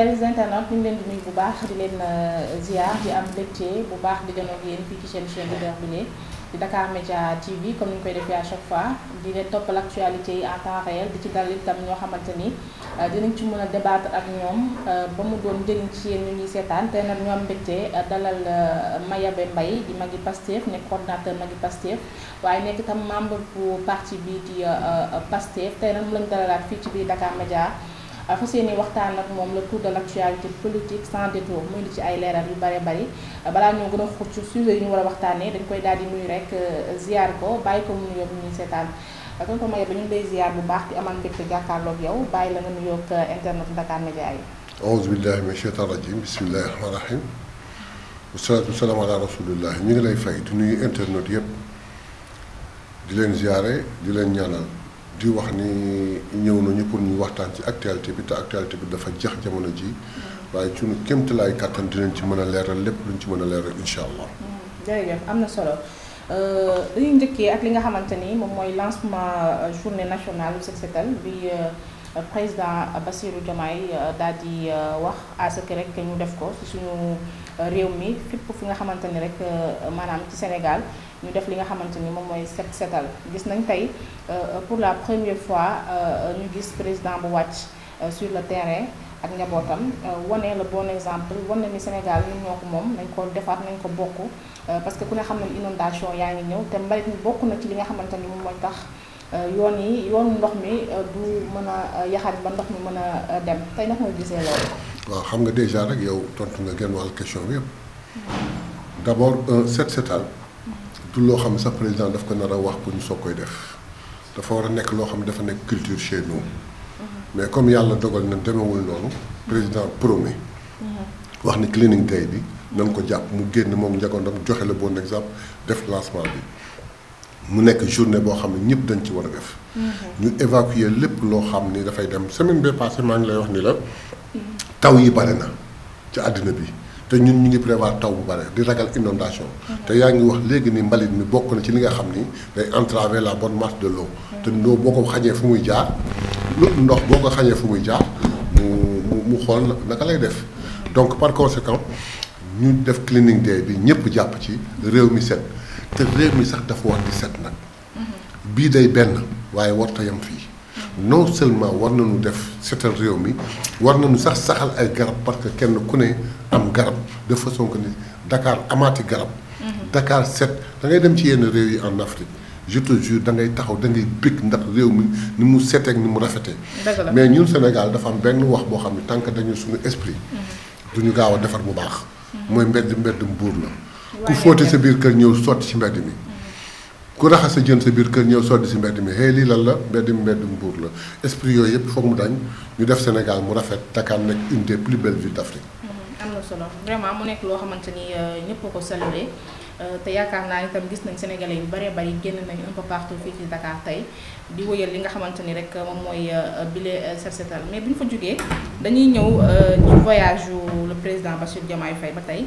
chers internautes leen di nuyu bu baax di leen euh, ziar di am mbégte bu baax di dem ak yéen fii ci seen chaîne leader bi lee di Dakar Media TV comme ni ñu koy defee à chaque di leen toppal actualité yi en ñoo xamante ni euh, dinañ ci mën a débattre ak ñoom euh, ba mu doon ci yéen ñu ngi seetaan te nag ñoo am mbégte dalal Mayabé Mbaye di magi Pastef nekk coordonnateur magi Pastef waaye nekk itam membre bu parti bi di Pastef tey nag mu lañ dalalaat fii ci biir Dakar Media. fa seeni waxtaan nag moom la tour de l'actualité politique sans détour muy li ci ay leeral yu bare bari balaa ñoo gën a xóot ci sujet ñu war a waxtaanee dañ koy daal di nuyu rek euh, ziar ko bàyyi ko mu nuyoo bu ñuy seetaan kon ko maye ba ñu ngi ziar bu baax di amal mbégte jàkkaarloog yow bàyyi la nga nuyoog euh, internet Dakar Media yi. auzu billahi mina shaytaan rajim bismillahi rahmaani rahim wasalaatu wasalaamu ala rasulillah ñu ngi lay fay di nuyu internet yëpp di leen ziare di leen di wax ni ñëw nañu pour ñu waxtaan ci actualité bi te actualité bi dafa jeex jamono ji waaye ci nu kéemtalaay kàttan dinañ ci mën a leeral lépp luñ ci mën a leeral incha allah. Mm, jërëjëf am na solo euh, dañuy njëkkee ak li nga xamante ni moom mooy lancement euh, journée nationale set setal bi euh, président Bassirou Diomaye daal di wax à ce que rek ñu def ko ci suñu réew mi fépp fi nga xamante ni rek maanaam ci Sénégal. ñu def li nga xamante ni moom mooy set setal gis nañ tey euh, pour la première fois euh, ñu gis président bu wàcc euh, sur le terrain ak njabootam wane le bon exemple wane ni Sénégal ñun ñoo ko moom nañ ko defaat nañ ko bokk parce que ku ne xam ne inondation yaa ngi ñëw te mbalit mi bokk na ci li nga xamante ni moom mooy tax yoon yi yoonu ndox mi du mën a yaxaat ba ndox mi mën a dem tey nag mooy gisee loolu. waaw xam nga déjà rek yow tontu nga genn wàll question bi du loo xam ne sax président daf ko nar wax pour ñu soog koy def dafa war a nekk loo xam ne dafa nekk culture chez nous mm-hmm. mais comme yàlla dogal na demewul noonu président promet mm-hmm. wax ni cleaning day bi nan ko jàpp mu génn moom njagondam joxe la bon exemple def lancement bi mu nekk journée boo xam ne ñëpp dañ ci war a def mm-hmm. ñu évacuer lépp loo xam ni dafay dem semaine bee passé maa ngi lay wax ni la taw yi bare na ci àddina bi te ñun ñu ngi prévoir taw bu bare di ragal inondation te yaa ngi wax léegi ni mbalit mi bokk na ci li nga xam ni day entraver la bonne marche de l'eau te ndoo boo ko xañee fu muy jaar ndox boo ko xañee fu muy jaar mu mu xool naka lay def donc par conséquent ñu def cleaning day bi ñëpp jàpp ci réew mi set te réew mi sax dafa war di set nag mm-hmm. bii day benn waaye warta yam fii non seulement war na nañu def setal réew mi war nañu sax saxal ay garab parce que kenn ku ne am garab de façon que ni dakaar amaati garab. Mhm. dakaar set da ngay dem ci yenn réew yi en Afrique je te da ngay taxaw da ngay ndax réew mi ni mu setee ak ni mu rafete mais ñun Sénégal dafa am benn wax boo xam ne tant dañu suñu esprit. Mhm. duñu gaaw a defar mu baax. Mhm. mooy mbedd mbedd mu buur la. ku fóote sa biir kër ñëw sotti ci mbedd mi. ku raxas sa jën sa biir kër ñëw soddi si mbedd mi xëy lii lan la mbedd mi mbeddum buur la esprit yooyu yëpp foog mu dañ ñu def Sénégal mu rafet Dakar nekk une des plus belles villes d'Afrique mm-hmm. am na solo vraiment mu nekk loo xamante ni euh, ñëpp ko salué euh, te yaakaar naa ni itam gis nañ sénégalais yu bëree bëri génn nañu un peu partout fii ci Dakar tey di wëyal li nga xamante ni rek moom mooy euh, bile set setal mais bu ñu fa jógee dañuy ñëw ci voyage yu le président Bassirou Diomaye Faye ba tey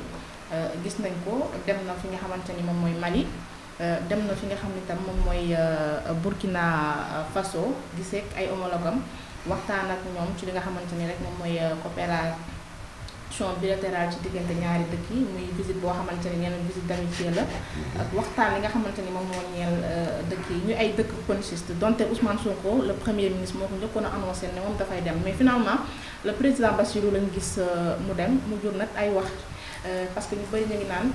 gis nañ ko dem na fi nga xamante ni moom mooy Mali Euh, dem na fi nga xam ne tam moom mooy euh, Burkina Faso gisee ay homologam waxtaan ak ñoom ci li nga xamante ni rek moom mooy euh, coopération bilatérale ci diggante ñaari dëkk yi muy visite boo xamante ni ñeneen visite d'amitié la ak waxtaan li nga xamante ni moom moo ñeel dëkk yi ñu ay dëkk ponchiste donte Ousmane Sonko le premier ministre moo ko njëkkoon a ne moom dafay dem mais finalement le président Bassirou lañu gis mu dem mu jur nag ay wax parce que ñu bëri ñu naan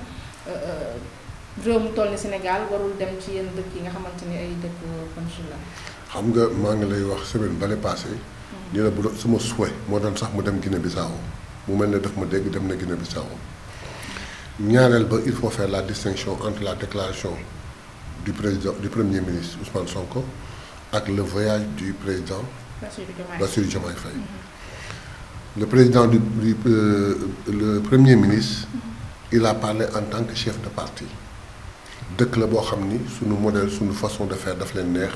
réew mu toll ni Sénégal warul dem ci yenn dëkk yi nga xamante ni ay dëkk consulat la. xam nga maa ngi lay wax semaine bale passé ñu mhm. la bu doon sama souhait moo doon sax mu dem Guinée Bissau mu mel ne def ma dégg dem na Guinée Bissau ñaareel ba il faut faire la distinction entre la déclaration du président du premier ministre Ousmane Sonko ak le voyage du président. Bassirou Diomaye Faye mhm. le président euh, ministre. Mhm. il a parlé en tant que chef de parti. dëkk la boo xam ni suñu modèle suñu façon de faire daf leen neex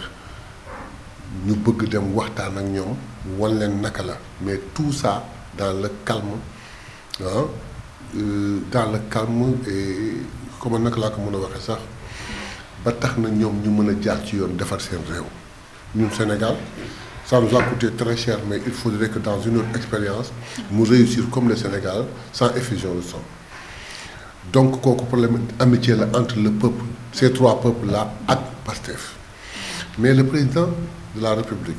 ñu bëgg dem waxtaan ak ñoom wan leen naka la mais tout ça dans le calme ah euh, dans le calme et comment naka laa ko mën a waxee sax ba tax na ñoom ñu mën a jaar ci yoon defar seen réew ñun Sénégal ça nous a coûté très cher mais il faudrait que dans une autre expérience mu réussir comme le Sénégal sans effusion de sang donc kooku problème amitié la entre le peuple ces trois peuples là ak Pastef mais le président de la République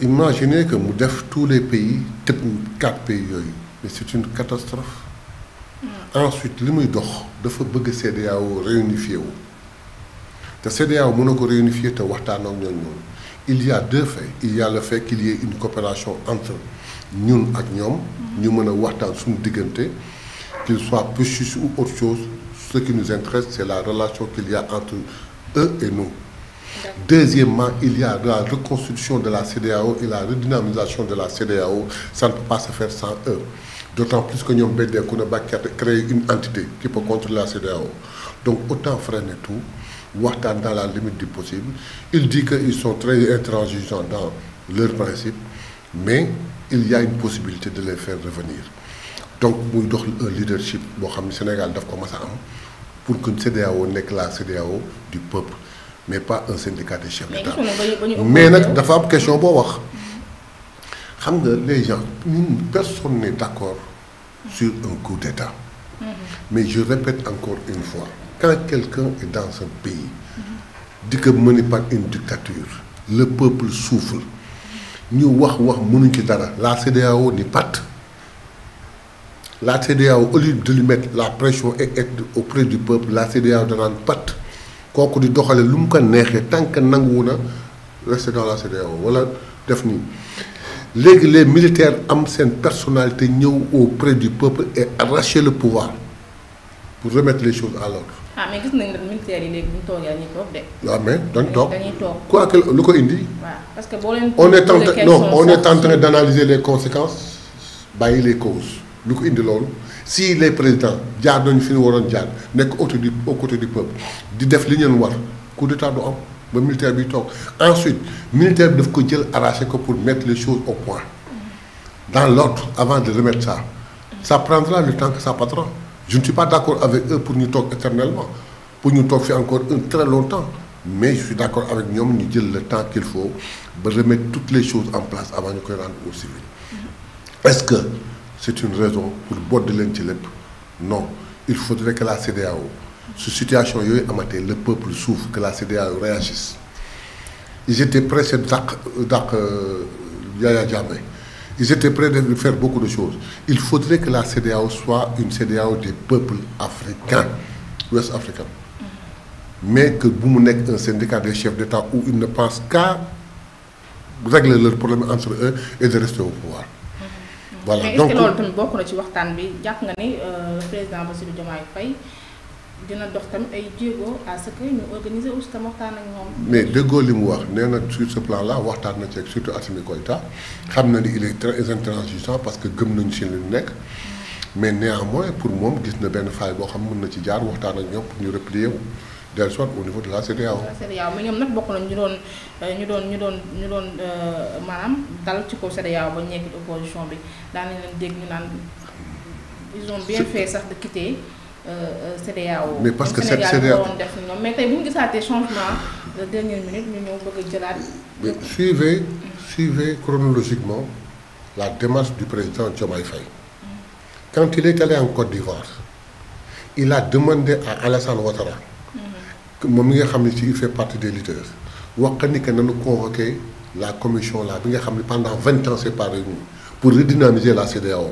imaginez que mu def tous les pays tëb quatre pays yooyu mais c'est une catastrophe mm. ensuite li muy dox dafa bëgg CEDEAO réunifié wu te CEDEAO mën na ko réunifié te waxtaan ak ñoom ñoom il y a deux faits une coopération entre ñun ak ñoom mm. ñu mën a waxtaan suñu diggante qu'ils soient pushes ou autre chose, ce qui nous intéresse, c'est la relation qu'il y a entre eux et nous. Deuxièmement, il y a la reconstruction de la CEDEAO et la redynamisation de la CEDEAO. Ça ne peut pas se faire sans eux. D'autant plus que Nyom Bede qui a créé une entité qui peut contrôler la CEDEAO. Donc autant freiner tout, Watan dans la limite du possible. Il dit qu'ils sont très intransigeants dans leurs principes, mais il y a une possibilité de les faire revenir. donc muy dox un leadership boo xam ne Sénégal daf ko mas a am pour que CEDEAO nekk la CEDEAO du peuple mais pas un syndicat de d'État mais nag dafa am question boo wax nga les gens ñun personne n'est d'accord sur mhm. je répète encore une fois quand quelqu'un est dans un pays di ko mené par une dictature le peuple souffre ñu wax wax mënuñ ci dara la CEDEAO ni pat La CEDEAO, au lieu de lui mettre la pression et être auprès du peuple, la CEDEAO danaan pat kooku di doxale lu mu ko neexee tant que nanguwu na rester dans la CEDEAO wala def nii léegi les militaires am seen personnalité ñëw auprès du peuple et arracher le pouvoir pour remettre les choses à l'ordre. ah mais ne dañ ah, toog dañuy toog lu ko indi. waaw parce que boo leen. on est en train non on est en les conséquences bàyyi les causes. lu ko indi loolu si les présidents jaar nañu fi ñu waroon jaar nekk auto du au côté du peuple di def li ñeen war coup d'état du am ba militaire bi toog ensuite militaire bi daf ko jël arraché ko pour mettre les choses au point dans l'ordre avant de remettre ça ça prendra le temps que ça patron je ne suis pas d'accord avec eux pour ñu toog éternellement pour ñu toog fi encore un très longtemps mais je suis d'accord avec ñoom ñu jël le temps qu'il faut ba remettre toutes les choses en place avant ñu koy rendre que c'est une raison pour bodd leen ci lépp non il faudrait que la CEDEAO su situation yooyu amatee le peuple souffre que la CEDEAO réagisse ils étaient pressés dàq dàq Yaya Jammeh ils étaient prêts de faire beaucoup de choses il faudrait que la CEDEAO soit une CEDEAO des peuples africains ouest africains mais que bu mu nekk un syndicat des chefs d'État où ils ne pensent qu'à régler leurs problèmes entre eux et de rester au voilà donc mais est-ce que loolu tamit bokk na ci waxtaan bi jàpp nga ni euh, président Bassirou Diomaye Faye dina dox tamit ay jéego à ce que ñu organiser aussi tam waxtaan ak ñoom. mais déggoo li mu wax nee na sur ce plan là waxtaan na ci surtout Assimi Goïta xam na ni il est très parce que gëm nañu si li ñu nekk mais néanmoins pour moom gis na benn faay boo xam mun na ci jaar waxtaan ak ñoom pour ñu replier wu. dellu soit au niveau de la CEDEAO. CEDEAO mais ñoom nag bokk nañ ñu doon ñu doon ñu doon ñu doon euh, maanaam dal ci kaw CEDEAO ba ñu opposition bi daan nañ leen dégg ñu naan. ils bien fait sax de quitter euh, euh, CEDEAO. mais parce que cette CEDEAO mais tey bu ñu gisaatee changement de dernière minute ñu ñëw bëgg a jëlaat. mais suivez suivez chronologiquement la démarche du président Diomaye Faye. Mm-hmm. quand il est en Côte d'Ivoire il a demandé à Alassane Ouattara. moom mi nga xam ne ci il fait partie des leaders wax ni que nañu convoqué la commission là bi nga xam ne pendant vingt ans c'est pas réuni pour la CEDEAO.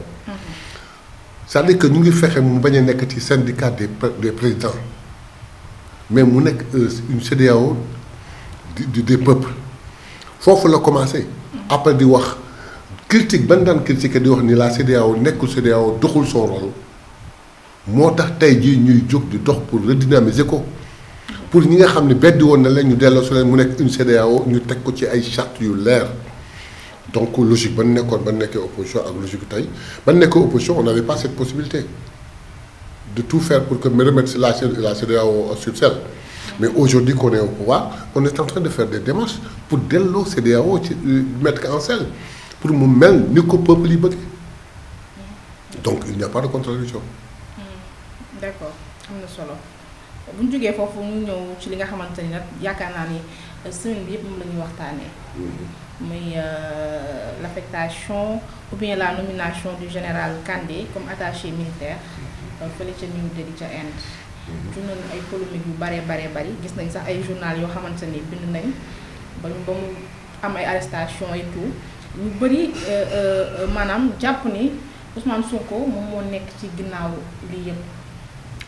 cest que ñu ngi fexe mu bañ a nekk ci syndicat des des présidents mais mu nekk euh, une CEDEAO du des foofu la commencé. après di wax critique ban daan critiquer di wax ni la CEDEAO nekkul CEDEAO doxul son rôle moo tax tey jii ñuy jóg di dox pour redynamiser ko. pour ñi nga xam ne beddi woon na leen ñu delloo su mu nekk une CEDEAO ñu teg ko ci ay charte yu leer donc logique ba nekkoon ba nekkee opposition ak logique tey ba nekkee opposition on n'avait pas cette de tout faire pour que remettre la la CEDEAO sur selle mais aujourd'hui qu'on est au pouvoir on est en train de faire des delloo CEDEAO ci euh, mettre ko en selle pour mu mel ni ko peuple yi bëgg donc il n'y pas de contradiction hmm. solo bu ñu jógee foofu ñu ñëw ci li nga xamante ni nag yaakaar naa ni euh, semaine bi yëpp moom la ñuy waxtaanee. Mm-hmm. muy euh, l' affectation ou bien la nomination du général Kandé comme attaché militaire mm-hmm. euh, fële ca New Delhi ca Inde. Mm-hmm. jur nañu ay polémique yu bare bare bari gis nañ sax ay journal yoo xamante ni bind nañ ba mu mu am ay arrestation et tout ñu bëri maanaam jàpp ni Ousmane Sonko moom moo nekk ci ginnaaw lii yëpp.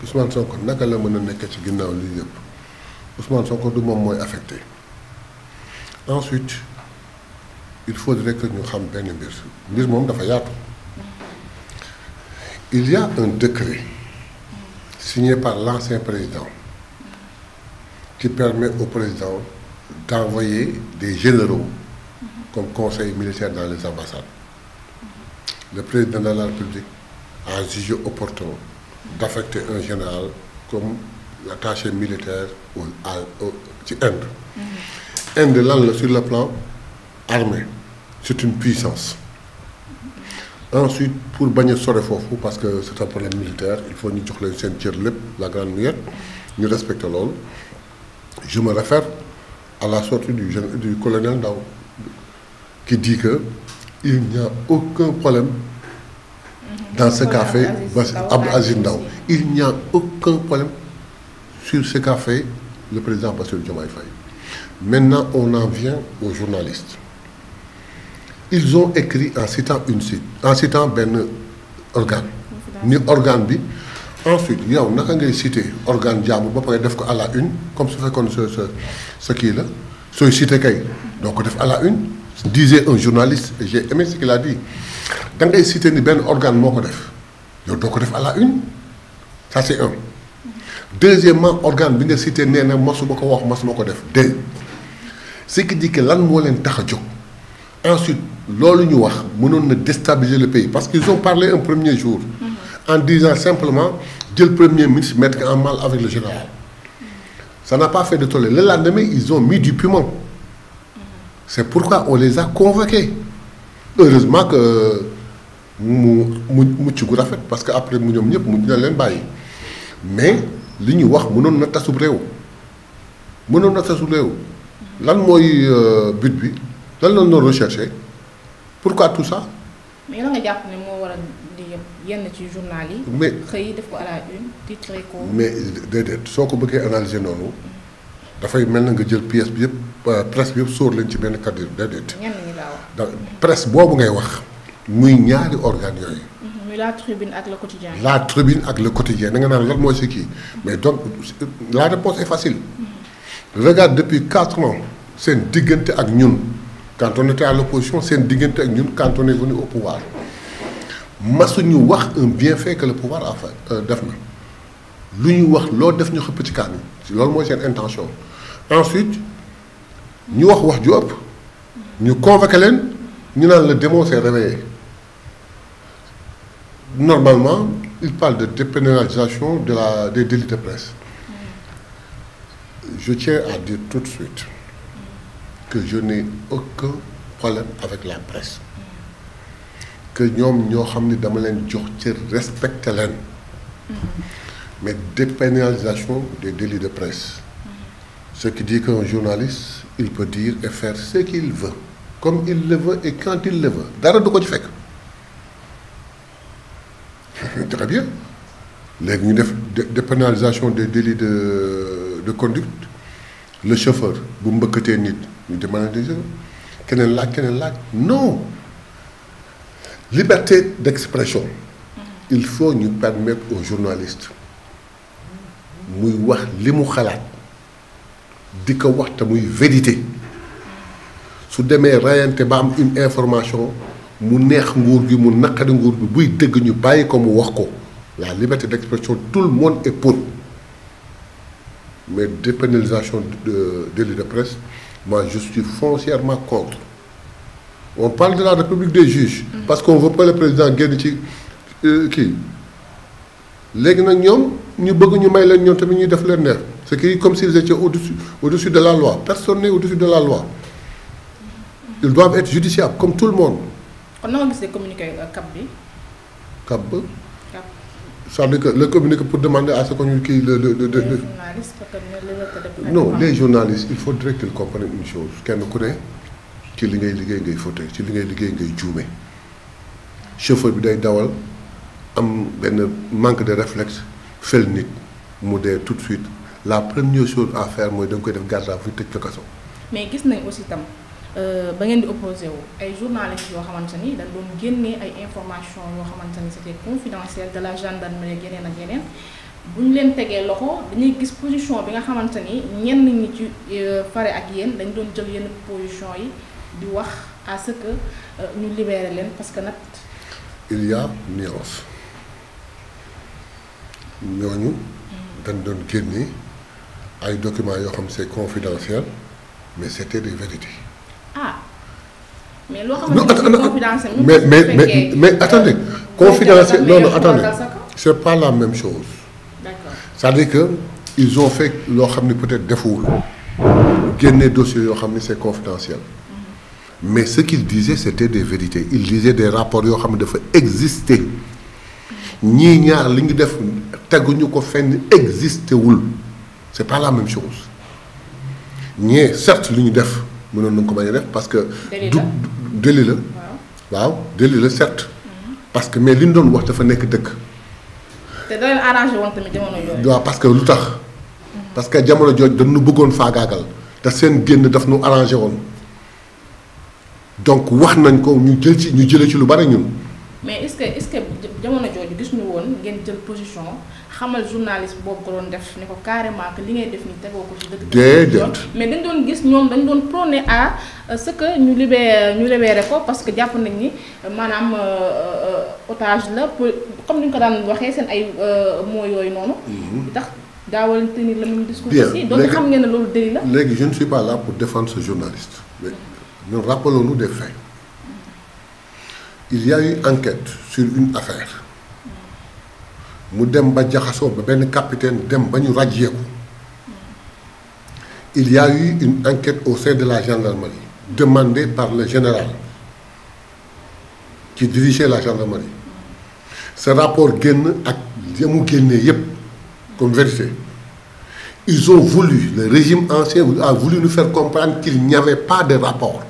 Ousmane Sonko naka la mën a nekk ci ginnaaw lii yëpp Ousmane Sonko du moom mooy affecté ensuite il faudrait que ñu xam benn mbir mbir moom dafa yaatu il y un décret signé par l'ancien président qui permet au président d'envoyer des généraux comme conseil militaire dans les ambassades le président de la République a jugé opportun d'affecter un général comme attaché militaire au ci Inde. Mm-hmm. Inde lan la sur le plan armé c'est une puissance ensuite pour bañ sore foofu parce que c'est un problème militaire il faut ñu jox leen seen cër lépp la grande muette ñu respecte loolu je me réfère à la sortie du jeune du colonel Ndao qui dit que il n'y a aucun problème dans ce qu'a fait Abdou Aziz Ndaw il n'y a aucun problème sur ce qu'a fait le président Bassirou Diomaye Faye maintenant on en vient aux journalistes ils ont écrit en citant un site en citant benn organe ni organe bi ensuite yow naka ngay citer organe jàmbur ba pare def ko à la une comme su fekkoon sa sa sa kii la sooy citer kay donc def à la une disait un journaliste et j'ai aimé ce qu'il a da ngay cité ni benn organe moo ko def yow doo ko def à la une ça c'est un deuxièmement organe bi nga site nee na masuma ko wax masuma ko def deux ce qui lan moo leen tax a jóg ensuite loolu ñu wax mënoon na déstabiliser le pays parce qu'ils ont parlé un premier jour mm-hmm. en disant simplement jël premier ministre mettre en mal avec le général sa n'a pas fait de tollé le lendemain ils ont mis du piment mm-hmm. c'est pourquoi on les a convoqués heureusement que mu mucc gu rafet parce que après mu ñoom ñëpp mu dina leen bàyyi mais li ñu wax mënoon na tasub réew mënoon na tasub réew lan mooy euh, but bi lan la doon recherché pourquoi tout sax mais la nga jàpp ne moo waral di yenn ci journal yi. mais xëy def ko à une titré ko. mais déedéet soo ko bëggee analyser noonu. Mm-hmm. dafay mel na nga jël pièce bi yëpp presse bi yëpp soor leen ci benn kàddu déedéet. ñenn ñi laa boobu ngay wax muy ñaari organes yooyu. Mhm, muy la tribune ak la quotidien. la tribune ak le quotidien da nga naan lan mooy si kii mais donc la réponse est facile. Mhm. regarde depuis quatre ans seen diggante ak ñun quand on était à l'opposition seen diggante ak ñun quand on est venu au pouvoir masuñu wax bien bienfait que le pouvoir a euh, def na. lu ñu wax loo def ñu xëpp ci kaan yi loolu mooy seen intention ensuite ñu wax wax ju ëpp ñu convoqué leen ñu naan la démon s'est réveillé normalement il parle de dépénalisation de la des délits de presse je tiens à dire tout de suite que je n'ai aucun problème avec la presse que ñoom ñoo xam ni dama leen jox ci respecté leen mais dépénalisation des délits de presse. Ce qui dit qu'un journaliste, il peut dire et faire ce qu'il veut, comme il le veut et quand il le veut. dara du ko ci très bien léegi ñu def dépénalisation des délits de de conduite le chauffeur bu mbëkkatee nit ñu dépénaliser keneen laaj keneen laaj non liberté d'expression. Mm-hmm. il faut ñu permettre aux journaliste muy wax li mu xalaat di ko wax te muy vérité su demee rayante ba am une information mu neex nguur gi mu naqari nguur gi buy dëgg ñu bàyyi ko mu wax ko la liberté d'expression tout le monde est pour mais dépénalisation de délit de presse moi je suis foncièrement contre on parle de la république des juges mm. parce qu'on veut pas le président génn ci euh, kii léegi nag ñoom ñu bëgg ñu may leen ñoom tamit ñuy def leen neex c'est que comme s'ils étaient au-dessus au-dessus de la loi personne n'est au de la loi ils doivent être justiciables comme tout le monde. kon na nga gisee euh, bi. cap ba. cap cest à que le communiqué pour demander à ce que kii le le le. les journalistes parce que non il faudrait qu'ils comprennent une chose kenn ku ne ci li ngay liggéey ngay faute ci li ngay liggéey ngay juume chauffeur bi day dawal am benn manque de reflex fel nit mu dee tout de suite la première chose à faire mooy da nga koy def garde à vue tëj ko mais gis nañ aussi tam euh, ba ngeen di opposé wu ay journalistes yoo xamante ni dañ doon génnee ay information yoo xamante ni c'était confidentiel de la gendarmerie ak yeneen ak yeneen bu ñu leen tegee loxo dañuy gis position bi nga xamante ni ñenn ñi ci euh, fare ak yéen dañ doon jël yenn position yi di wax à que euh, ñu libere leen parce que nag. il y a ñooñu dañ doon génne ay documents yoo xam ne confidentiel mais c'était ah, mais loo xamante confidentiel mais mais mais mais attendez confidentiel non c'est pas la même chose. d'accord c'est-à-dire que ils ont fait loo xam ne peut-être defuwul génne dossier yoo xam ne c'est confidentiel. Mm-hmm. mais ce qu'ils disaient c'était des vérités ils disaient des rapports yoo xam ne dafa exister. ñii ñaar li ñu def teguñu ko fenn existé wul c'est pas la même chose ñee certes li ñu def mënoon nañ ko bañ a def parce que. du délit la waaw délit la certes. Mm-hmm. parce que mais li ñu doon wax dafa nekk dëkk. te parce que lu tax. Mm-hmm. parce que jamono jooju dañu bëggoon faagaagal te seen génn daf nu arrangé woon donc wax nañ ko ñu jël ci ñu jëlee ci lu bari ñun. jamono jooju gis ñu woon ngeen jël position xamal journaliste boobu ko doon def ne ko carrément li ngay def nii tegoo ko mais dañ doon gis ñoom dañu doon prôné à euh, ce que ñu libéré ñu libéré ko parce que jàpp nañ ni euh, maanaam euh, otage la comme ni ñu ko daan waxee seen ay moo yooyu noonu. Mhm. tax daawal tenir le même discours. aussi donc xam ngeen ne loolu déli la. léegi je ne suis pas là pour défendre ce journaliste mais nous rappelons il ya a eu enquête sur une affaire mu dem ba jaxasoo ba benn capitaine dem ba ñu ràjjeeku il y eu une enquête au sein de la gendarmerie demandée par le général qui dirigeait la gendarmerie ce rapport génn ak ya mu génnee yépp comme vérité ils ont voulu le régime ancien a voulu nous faire comprendre qu'il n'y avait pas de rapport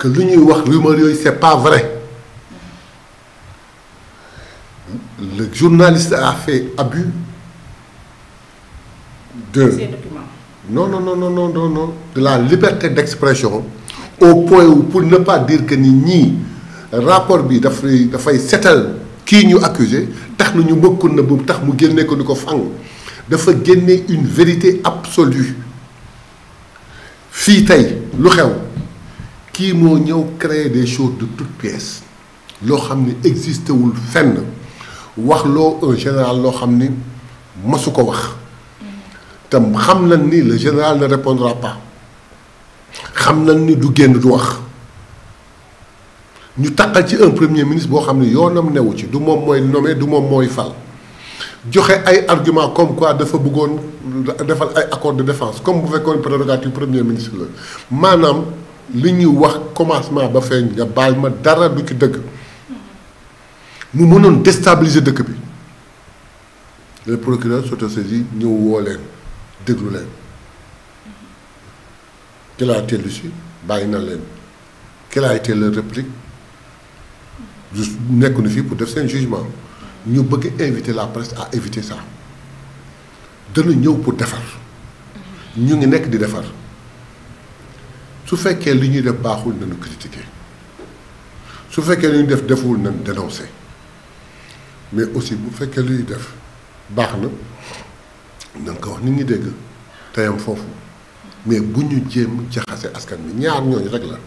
que lu ñuy wax rumeur yooyu c'est pas vrai le journaliste a fait abus de non non non non non non non de la liberté d'expression au point où pour ne pas dire que ni ñii rapport bi dafay dafay setal kii ñu accusé tax na ñu mbëkkul na bu tax mu génne ko ni ko fang dafa génne une vérité absolue fii tey lu xew kii moo ñëw créer des choses de toutes pièces loo xam ni existé wul fenn wax loo un général loo xam ni masu ko wax tam xam nañ ni le général ne répondra pas xam na ni du génn du wax ñu taqal ci un premier ministre boo xam ni yoonam newu ci du moom mooy nommé du moom mooy fal joxe ay argument comme quoi dafa bëggoon defal ay accord de défense comme bu fekkoon prérogative premier ministre la maanaam. li ñu wax commencement ba feeñ nga baal ma dara du ci dëgg mu mënoon déstabiliser dëkk bi le procureur s'autosaisi ñëw woo leen déglu leen quelle a été l'issue bàyyi na leen quelle a été leur réplique juste nekkuñu fii pour def seen jugement ñu bëgg invité la presse à éviter ça dana ñëw pour defar ñu ngi nekk di defar su fekkee li ñuy def baaxul nañu critiquer su fekkee li ñuy def deful nañu dénoncer mais aussi bu fekkee li def baax na nañ ko wax nit ñi dégg teyam foofu mais bu ñu jéem jaxase askan bi ñaar ñooñu rek la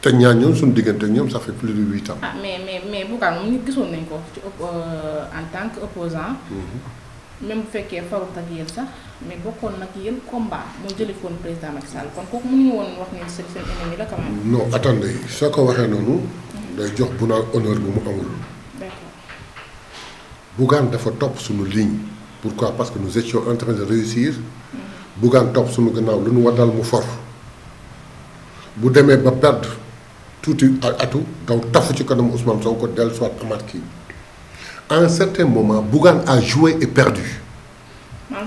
te ñaar ñooñu suñu diggante ak ñoom ça fait plus de huit ah, mais mais mais Bougane moom ñu gisoon nañ ko ci euh, en tant que opposant. Mm-hmm. même bu fekkee farut ak yéen sax mais bokkoon nag yéen combat moo jëlee foon président Macky Sall kon kooku mënuñu woon wax ne seen seen ennemi la quand même. non attendez soo ko waxee noonu. day jox bu naan honneur bu mu amul. Bougane dafa topp suñu ligne. pourquoi parce que nous étions en train réussir. Bougane topp suñu gannaaw lu nu waddal mu for. bu demee ba perdre tuuti ak atu daw tafu ci kanam Ousmane Sonko dellusiwaat amaat kii. à un certain moment Bougane a joué et perdu. maa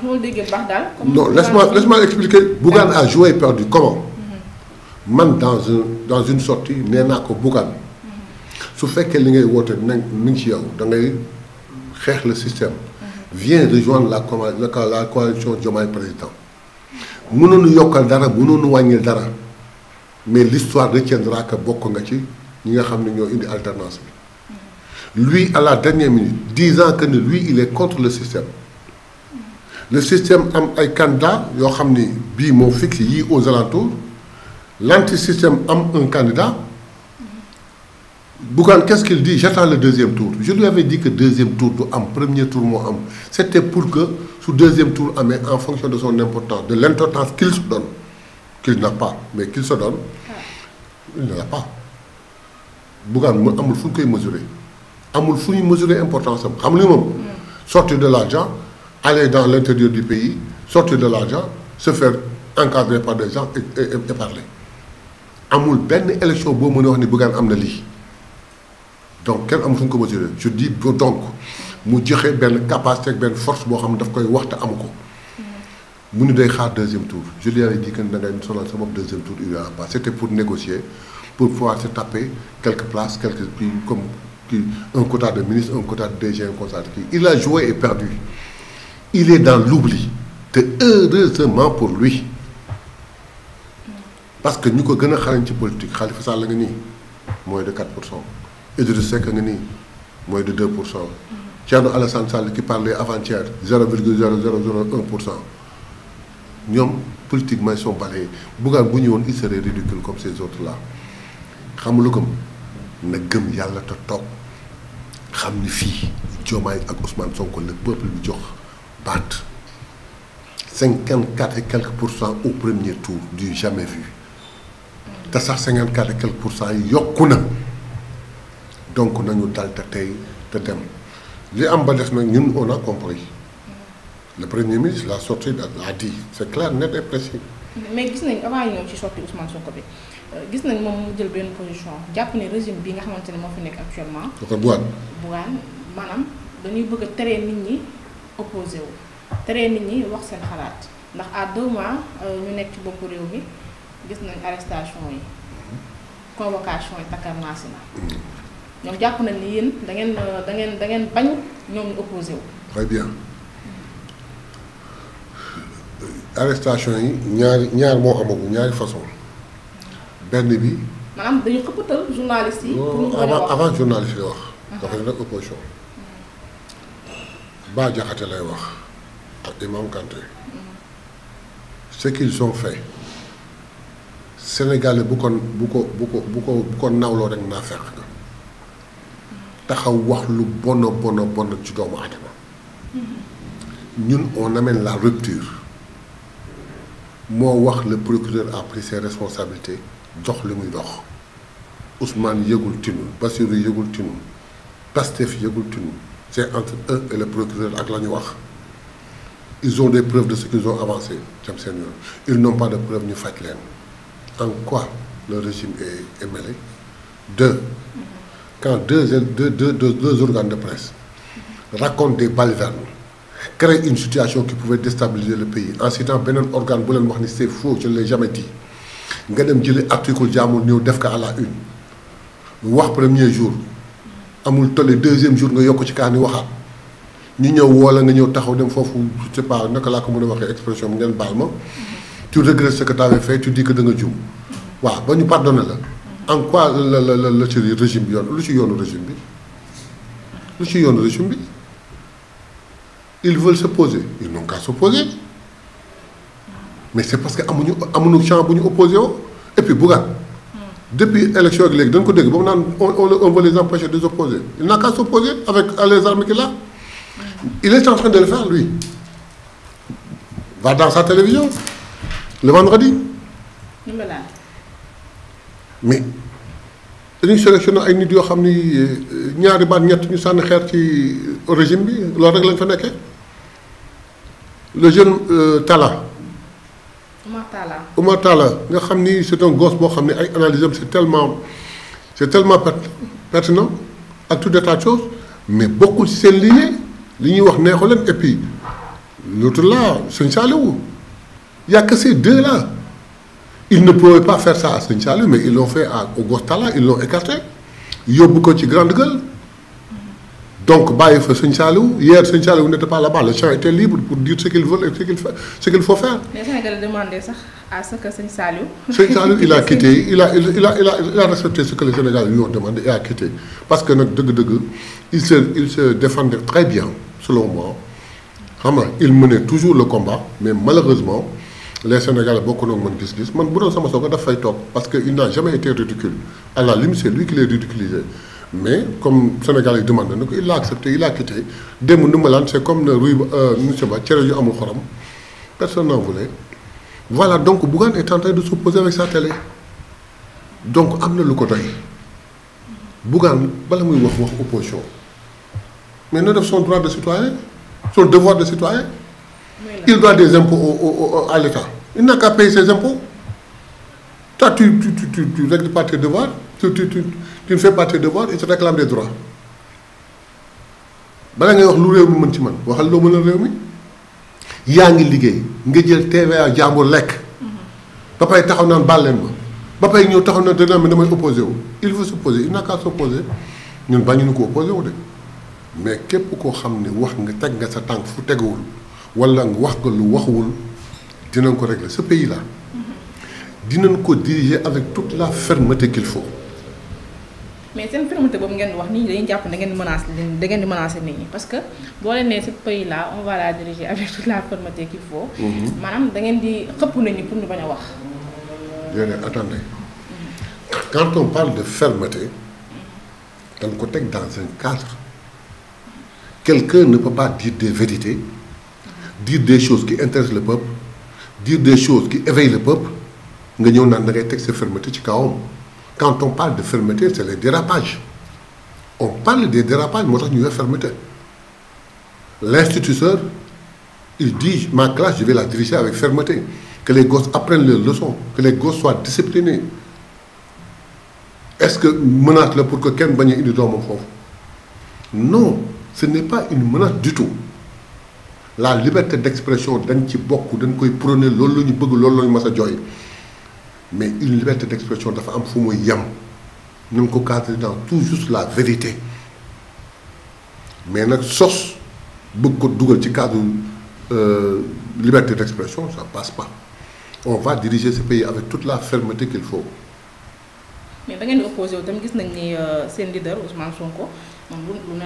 non laisse-moi laisse-moi expliquer Bougane a joué et perdu comment. Mhm. man dans un dans une sortie nee naa ko Bougane. Mhm. su fekkee li ngay woote na mi ngi ci yow da ngay xeex le système. Mhm. viens rejoindre la commune la coalition Diomaye président mënoonu yokkal dara mënoonu wàññil dara mais l'histoire retiendra que bokk nga ci ñi nga xam ne ñoo indi alternance lui, à la dernière minute, disant que lui, il est contre le système. Le système a ay candidat, il y a fixe aux alentours. L'antisystème a un candidat. Bougan, qu'est-ce qu'il dit J'attends le deuxième tour. Je lui avais dit que deuxième tour, en premier tour, moi, c'était pour que, sous deuxième tour, en fonction de son importance, de l'importance qu'il se donne, qu'il n'a pas, mais qu'il se donne, il ne l'a pas. Bougan, il faut qu'il mesure. amul fu ñu mesurer importance am xam li moom sortir de l'argent aller dans l'intérieur du pays sortir de l'argent se faire encadrer par des gens amul benn élection boo mën a wax ni Bougane am na lii donc kenn amul fu ñu ko mesurer je dis donc mu joxe benn capacité ak benn force boo xam ne daf koy wax te amu ko mu ni day xaar deuxième tour je lui avais dit que da ngay sonal sa bopp deuxième tour il y aura pour négocier pour pouvoir se taper quelques places quelques qui, un quota de ministre, un quota de DG, un quota de qui. Il a joué et perdu. Il est dans l'oubli. Heureusement pour lui. Parce que nous avons une politique. Khalifa Sall moins de 4%. Idriss Seck moins de 2%. Tiano Alassane Sall qui parlait avant-hier, 0,0001%. Nous, politiquement, ils sont balayés. Bougan Bougnon, il serait ridicule comme ces autres-là. Xam lu gëm na gëm yàlla te toog xam ni fii Diomaye ak Ousmane Sonko le peuple bi jox baat cinquante quatre et pour cent au premier tour du jamais vu te sax cinquante quatre et pour cent yi yokku na donc nañu dal te tey te dem li am ba des nag ñun on a compris le premier ministre la sortie a dit c' clair net et mais gis nañ avant ñoom ci sortie Ousmane Sonko bi. Euh, gis nañ moom mu jël benn position jàpp ne régime bi nga xamante ne moo fi nekk actuellement. d'accord Bougane. Bougane maanaam dañuy bëgg a tere nit ñi opposé wu tere nit ñi wax seen xalaat ndax à deux mois euh, ñu nekk ci boppu réew mi gis nañ arrestation yi convocation yi takkar naasi na ñoom jàpp nañ ni yéen da ngeen euh, da ngeen da ngeen bañ ñoom ñu opposé wu. bien arrestation yi ñaari ñaar moo amagum ñaari façon. benn bi. maanaam dañu xëppatal yi. pour ñu avant avant wax. dafa ne lay wax ak Imam Kanté. Hmm. ce qu'ils ont fait bu ko bu ko bu ko bu ko bu ko nawloo rek naa fekk nga hmm. taxaw wax lu bon bon bon ci doomu aadama hmm. ñun on amène la rupture moo wax le procureur a pris responsabilité dox li muy dox Ousmane yëgul tinul Bassirou yëgul tinul Pastef yëgul tinul c'est entre eux et le procureur ak la ñu wax ils ont des preuves de ce qu'ils ont avancé jëm seen yoon ils n'ont pas de preuves ñu faj leen en quoi le régime est, est mêlé deux quand deux deux deux deux organes de presse racontent des balivernes créent une situation qui pouvait déstabiliser le pays en citant beneen organe bu leen wax ni c'est faux je ne l'ai jamais nga dem jële article jaamul ñëw def ko à la une mu wax premier jour amul tole deuxième jour nga yokk ci kaa ni waxaat ñu ñëw woola nga ñëw taxaw dem foofu je sais naka laa ko mën a waxee expression bi ngeen baal ma tu regrettes ce que tu fait tu dis que da nga juum waaw ba ñu pardonné la en quoi la la la la ci régime bi yoon lu si yoonu régime bi lu si yoonu régime bi ils veulent se poser ils n'ont qu'à poser mais c' est parce que amuñu amuñu champ bu ñu opposé woo et puis Bougane depuis élection ak léegi dañ ko dégg ba mu naan on on veut les empêcher de il n'a qu'à avec euh, les armes qu'il a il est en train de le faire lui va dans télévision le vendredi. mais dañuy sélectionné ay nit yoo xam ni euh, ñaari baat ñett ñu sànni xeer ci régime bi loolu rek lañ fa nekkee le jeune euh, Talla. Oumar Talla Oumar Talla nga xam ni c'est un gosse boo xam ne ay analyse am c'est tellement c'est tellement pertinent ak tout état de chose mais bokkul ci seen liggéey li ñuy wax neexu leen et puis l'autre là Sëñ Saliou y a que ces deux là ils ne pouvaient pas faire ça à Sëñ Saliou mais ils l'ont fait à au gosse Talla ils l'ont écarté yóbbu ko ci grande gueule donc bàyyi fa sëñ Saliou hier sëñ Saliou n'était pas là-bas le champ était libre pour dire ce qu'il veut et ce qu'il fait ce qu'il faut faire. mais Sénégal demandé sax à ce que sëñ Saliou. sëñ Saliou il a quitté il a il a il a respecté ce que les Sénégalais lui demandé et a quitté parce que nag dëgg-dëgg il se il se défendait très bien selon moi xam nga il menait toujours le combat mais malheureusement. les Sénégalais bokk na man gis-gis man a daf fay que il n'a jamais été ridicule mais comme Sénégal yi demande na ko il a accepté il a quitté démb Ndoumbelane c' est comme ne Ruy euh, monsieur Ba cere yu amul xorom personne n'en voilà donc Bougane est en train de s'opposer avec sa télé donc am na lu ko doy Bougane bala muy wax wax opposition mais na def son droit de citoyen son devoir de citoyen il doit des impôts au, il n'a qu'à payer ses impôts toi tu tu tu tu, tu règles tu ne fais pas tes devoirs et tu réclames des droits ngay wax lu réew mi mën ci man waxal loo mën a réew mi yaa ngi liggéey nga jël TVA jàmbur lekk mm-hmm. ba taxaw naan baal leen ma ba pay ñëw taxaw de dina mi damay opposé wu il faut s'opposer il n'a qu'à s'opposer ñun bañu ñu ko opposé de mais képp koo xam ne wax nga teg nga sa tànk fu teguwul wala nga wax nga lu waxuwul dinañ ko régler ce pays là mm-hmm. dinañ ko diriger avec toute la fermeté qu'il faut mais seen fermeté boobu ngeen wax nit ñi dañuy jàpp da ngeen menace da di menacer nit ñi parce que boo leen nee ce pays là on va la diriger avec toute la fermeté qu'il faut. Mhm. maanaam da ngeen di xëpp nañu pour ñu bañ a wax. yéen attendez quand on parle de fermeté dañ ko teg dans un cadre quelqu'un ne peut pas dire des vérités dire des choses qui intéressent le peuple dire des choses qui éveillent le peuple nga ñëw naan da ngay teg sa fermeté ci kawam. quand on parle de fermeté c'est les dérapages on parle des dérapages moo tax ñu wax fermeté l'instituteur il di ma classe je vais la diriger avec fermeté que les gosses apprennent leurs leçons que les gosses soient disciplinés est-ce que menace la pour que kenn bañ a indi doomam foofu non ce n'est pas une menace du tout la liberté d'expression dañ ci bokk dañ koy prôner loolu la ñu bëgg loolu la ñu mas a jooy mais une liberté d'expression dafa am fu muy yem ñu ko cadré dans tout juste la vérité mais nag sos bëgg ko dugal ci cadre euh, liberté d'expression ça passe pas on va diriger ce pays avec toute la fermeté qu'il faut. mais ba ngeen opposé wu tam gis nañ ni euh, seen leader Ousmane Sonko moom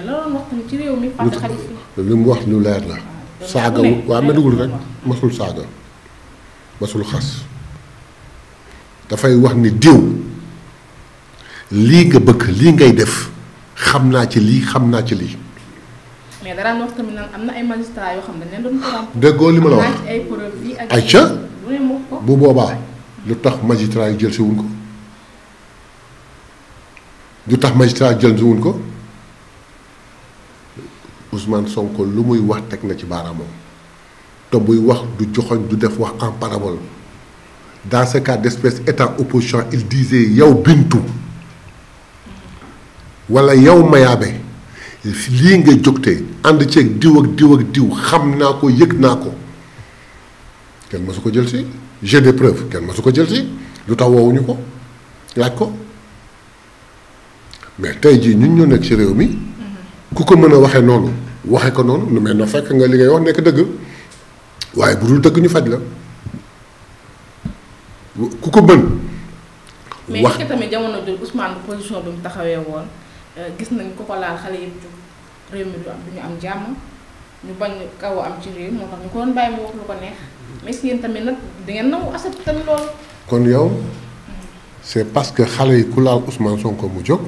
lu mu wax lu leer la. Ah, saagawul waaw mais dugul rek masul saaga masul xas. dafay wax ni diw lii nga bëgg lii ngay def xam naa ci lii xam naa ci lii. mais déggoo li ma la wax ay ca bu boobaa lu tax magistrat yi jël ko lu tax magistrat yi ko Ousmane sonk lu muy wax teg na ci baaraamam te buy wax du joxoñ du def wax en dans ce cas d'espèce étant opposition il disait yow Bintu wala yow Mayaabe lii nga jógtee ànd ceeg diw ak diw ak diw xam naa ko yëg naa ko kenn mësu ko jël si j'ai des preuves kenn mësu ko jël si lu tax woowuñu ko laaj ko mais tey jii ñun ñu nekk ci réew mi ku ko mën a waxee noonu waxe ko noonu lu mel na fekk nga li ngay wax nekk dëgg waaye bu dul dëgg ñu faj la ku ko mën. mais est-ce que tamit jamono jooju Ousmane position bi mu taxawee woon euh, gis nañ ko ko laal xale yëpp jóg réew mi du am du ñu am jàmm ñu bañ kaw am ci réew moo tax ñu ko doon bàyyi mu wax lu ko neex mais si yéen tamit nag dangeen nangu accepté tamit loolu. kon yow c'est parce que xale yi ku laal Ousmane Sonko mu jóg.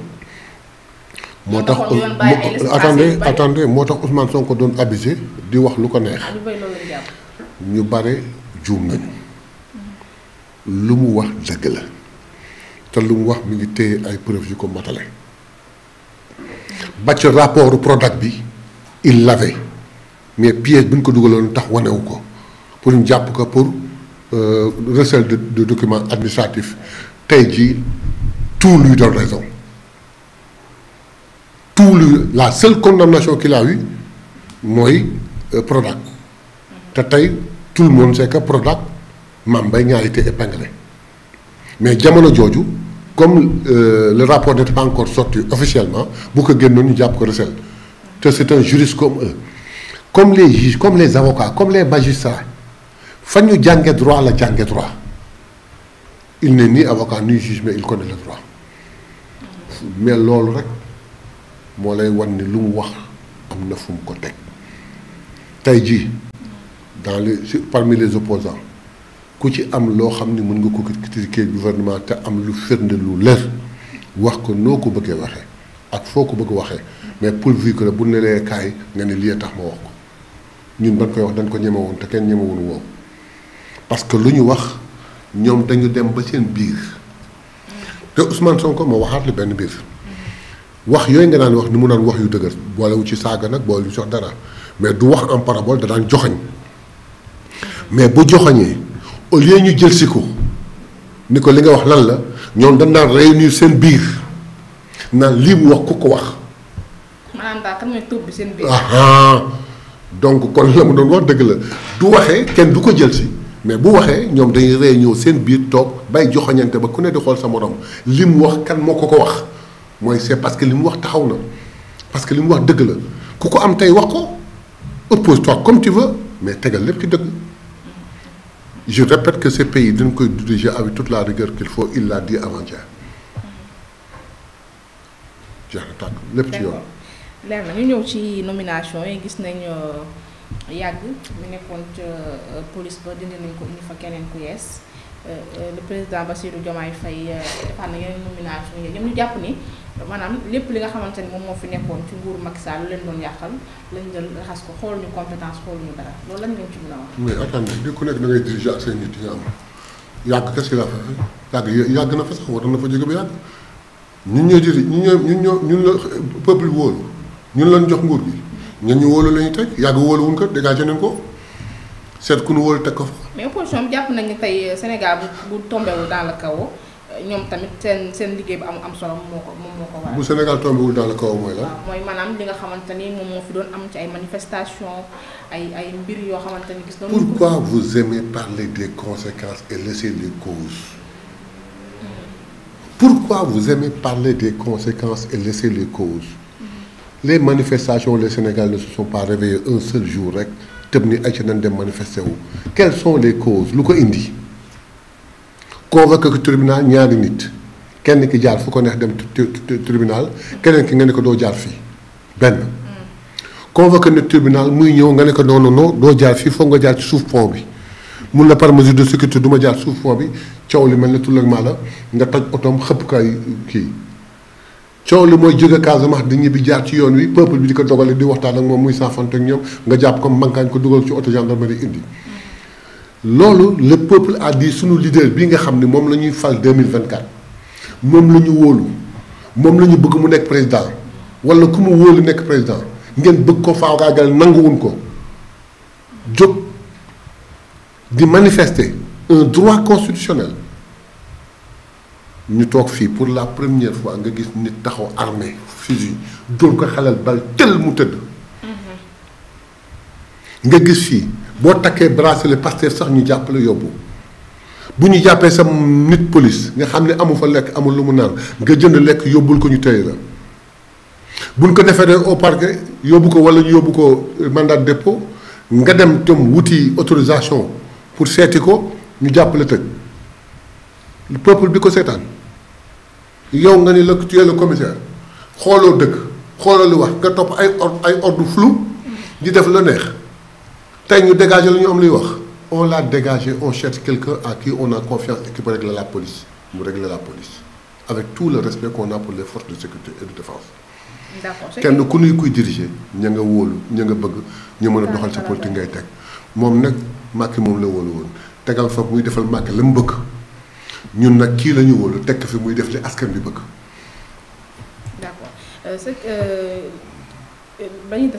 moo tax attendez attendez moo tax Ousmane Sonko doon abusé di wax lu ko neex. Ah, ñu bare juum nañu. lu mu wax dëgg la te lu mu wax mu ngi téye ay preuve yu ko matale ba rapport Prodac bi il l'avait mais piège bi ñu ko dugaloon tax wanewu ko pour ñu jàpp ko pour euh, recel de de document administratif tey jii tout lui donne raison tout lui la seule condamnation qu'il a mooy euh, Prodac te tey tout le monde sait que Mame Mbaye Niang a été mais jamono jooju comme euh, le rapport n'était pas encore sorti officiellement bu ko génnoon ñu jàpp ko recel te c'est un juriste comme eux comme les juges comme les avocats comme les magistrats fan ñu jànge droit la jànge droit il n'est ni avocat ni juge mais il connaît le droit mais loolu rek moo lay wan ni lu mu wax am na fu mu ko teg tey jii dans les parmi les opposants ku ci am loo xam ni mën nga ko critiquer gouvernement te am lu firnde lu leer wax ko noo ko bëggee waxee ak foo ko bëgg waxee mais pourvu que la bu ne kaay nga ne lii tax ma wax ko ñun ban koy wax dañ ko ñeme woon te kenn ñeme woon woowu parce que lu ñu wax ñoom dañu dem ba seen biir te Ousmane Sonko ma waxaat la benn biir wax yooyu nga daan wax ni mu naan wax yu dëgër boolewu ci saaga nag boolewu ci wax dara mais du wax en parabole da daan joxañ mais bu joxañee. au lieu ñu jël si ko ni ko li nga wax lan la ñoom dañ naan réunir seen biir naan lii mu wax ku ko wax. maanaam daal kan mooy tuub bi doon wax dëgg la du waxee kenn du ko jël si mais bu waxee ñoom dañuy réunion seen biir toog bay joxoñante ba ku ne di xool sa morom li mu wax kan moo ko ko wax mooy c'est parce que li mu wax taxaw na parce que li mu wax dëgg la ku ko am tey wax ko oppose-toi comme tu mais tegal lépp ci dëgg. je répète que ces pays dañ koy diriger avec toute la rigueur qu'il faut il l'a jeex na tàkk lépp ci yoon. leer na ñu ñëw ci nomination yi gis nañ euh, yàgg mu nekkoon ca euh, police ba dindi nañ ko indi fa keneen ku yees euh, le président Bassirou Diomaye Faye fànn yeneen nomination yi ñu jàpp ni. maanaam lépp li nga xamante ni moom moo fi nekkoon ci nguuru mag Sall lu leen doon yàqal lañ jël ko xool ñu compétence xool ñu dara loolu lañ leen ci mën a wax. mais attendez di ku nekk da ngay diriger ak seen nit yi nga am na fa sax waroon na fa jóge ba yàgg ñun ñoo diri ñun ñoo ñun ñoo ñun wóolu ñun lañ jox nguur gi ñun ñu wóolu la ñu teg yàgg wóoluwuñ ko dégagé nañ ko seet ku ñu wóolu teg ko fa. mais opposition bi jàpp nañu ne tey Sénégal bu bu tombé wu dans le ñoom tamit seen seen liggéey bu am am solo moo ko moom moo ko waral. bu Sénégal tombewul dans le chaos mooy la. mooy maanaam li nga xamante moom moo fi doon am ci ay manifestations ay ay mbir yoo xamante ni gis nañu. pourquoi vous aimez parler des conséquences et laisser les causes. Mm-hmm. pourquoi vous aimez et laisser les causes. Mm-hmm. les manifestations les Sénégalais ne se sont un seul jour rek tëb ni ay ci nañ dem manifester wu. quelles sont les causes lu ko indi. convoqué ko tribunal ñaari nit kenn ki jaar fu ko neex dem tribunal keneen ki nga ne ko doo jaar fii benn. Hmm. convoqué na tribunal muy ñëw nga ne ko non non doo jaar fii foog nga jaar ci suuf pont bi mun la par mesure de sécurité du ma jaar suuf pont bi coow li mel ne tout la nga toj otoom xëpp kay kii. coow li mooy jóge Casamance di ñibbi jaar ci yoon wi peuple bi di ko dogale di waxtaan ak moom muy saafante ak ñoom nga jàpp ko mànkaañ ko dugal ci oto gendarmerie indi. Hmm. loolu le peuple a dit sunu leader bi nga xam ne moom la ñuy fal 2024 moom la ñu wóolu moom la ñu bëgg mu nekk président wala ku mu wóolu nekk président ngeen bëgg ko faagaagal nanguwuñ ko jóg di manifeste un droit constitutionnel ñu toog fii pour la première fois nga gis nit taxaw armée fusil dóor ko xalal bal tel mu tëdd mm-hmm. nga gis fii boo takkee bracelet Pastef sax ñu jàppale yóbbu bu ñu jàppee sa nit police nga xam ne amu fa lekk amul lu mu naan nga jënd lekk yóbbul ko ñu téye la buñ ko defee au parquet yóbbu ko wala ñu yóbbu ko mandat dépôt nga dem tom wuti autorisation pour seeti ko ñu jàppale tëj peuple bi ko seetaan yow nga ni la ci es le commissaire xooloo dëkk xooloo li wax nga topp ay or ay ordre flou di def la neex tey ñu dégagé la ñu am luy wax on l'a dégagé on cherche quelqu'un à qui on a confiance et qui la police mu régler la police avec tout le respect qu'on a pour les forces de sécurité et de défense. kenn ku nuy kuy diriger ña nga wóolu ña nga bëgg ñu mën a doxal sa politique ngay teg moom nag Macky moom la wóolu woon tegal foog muy defal Macky la mu bëgg ñun nag kii la ñu wóolu tekk fi muy def li askan bi bëgg. d'accord euh, euh, euh, ni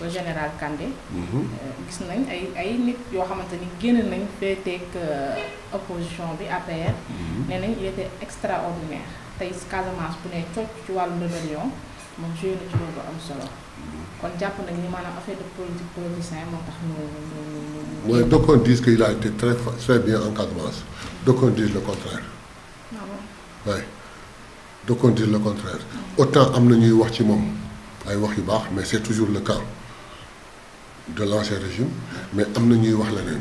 ba général Kandé. Mhm. Euh, gis nañ ay ay nit yoo xamante ni génn nañ féeteeg euh, opposition bi APR. Mhm. nee nañ il était extraordinaire tey Casamance bu ne cocc ci wàllu rébellion moom joué na ci loolu am solo mhm. kon jàpp nañ ni maanaam affaire de politique politicien moo tax ñu ñu ñu. mooy d'aucuns disent qu'il a été très très bien contraire. ah am na ñuy wax ci moom ay wax yu baax mais c'est toujours le cas. de l'ancien régime mais am na ñuy wax leneen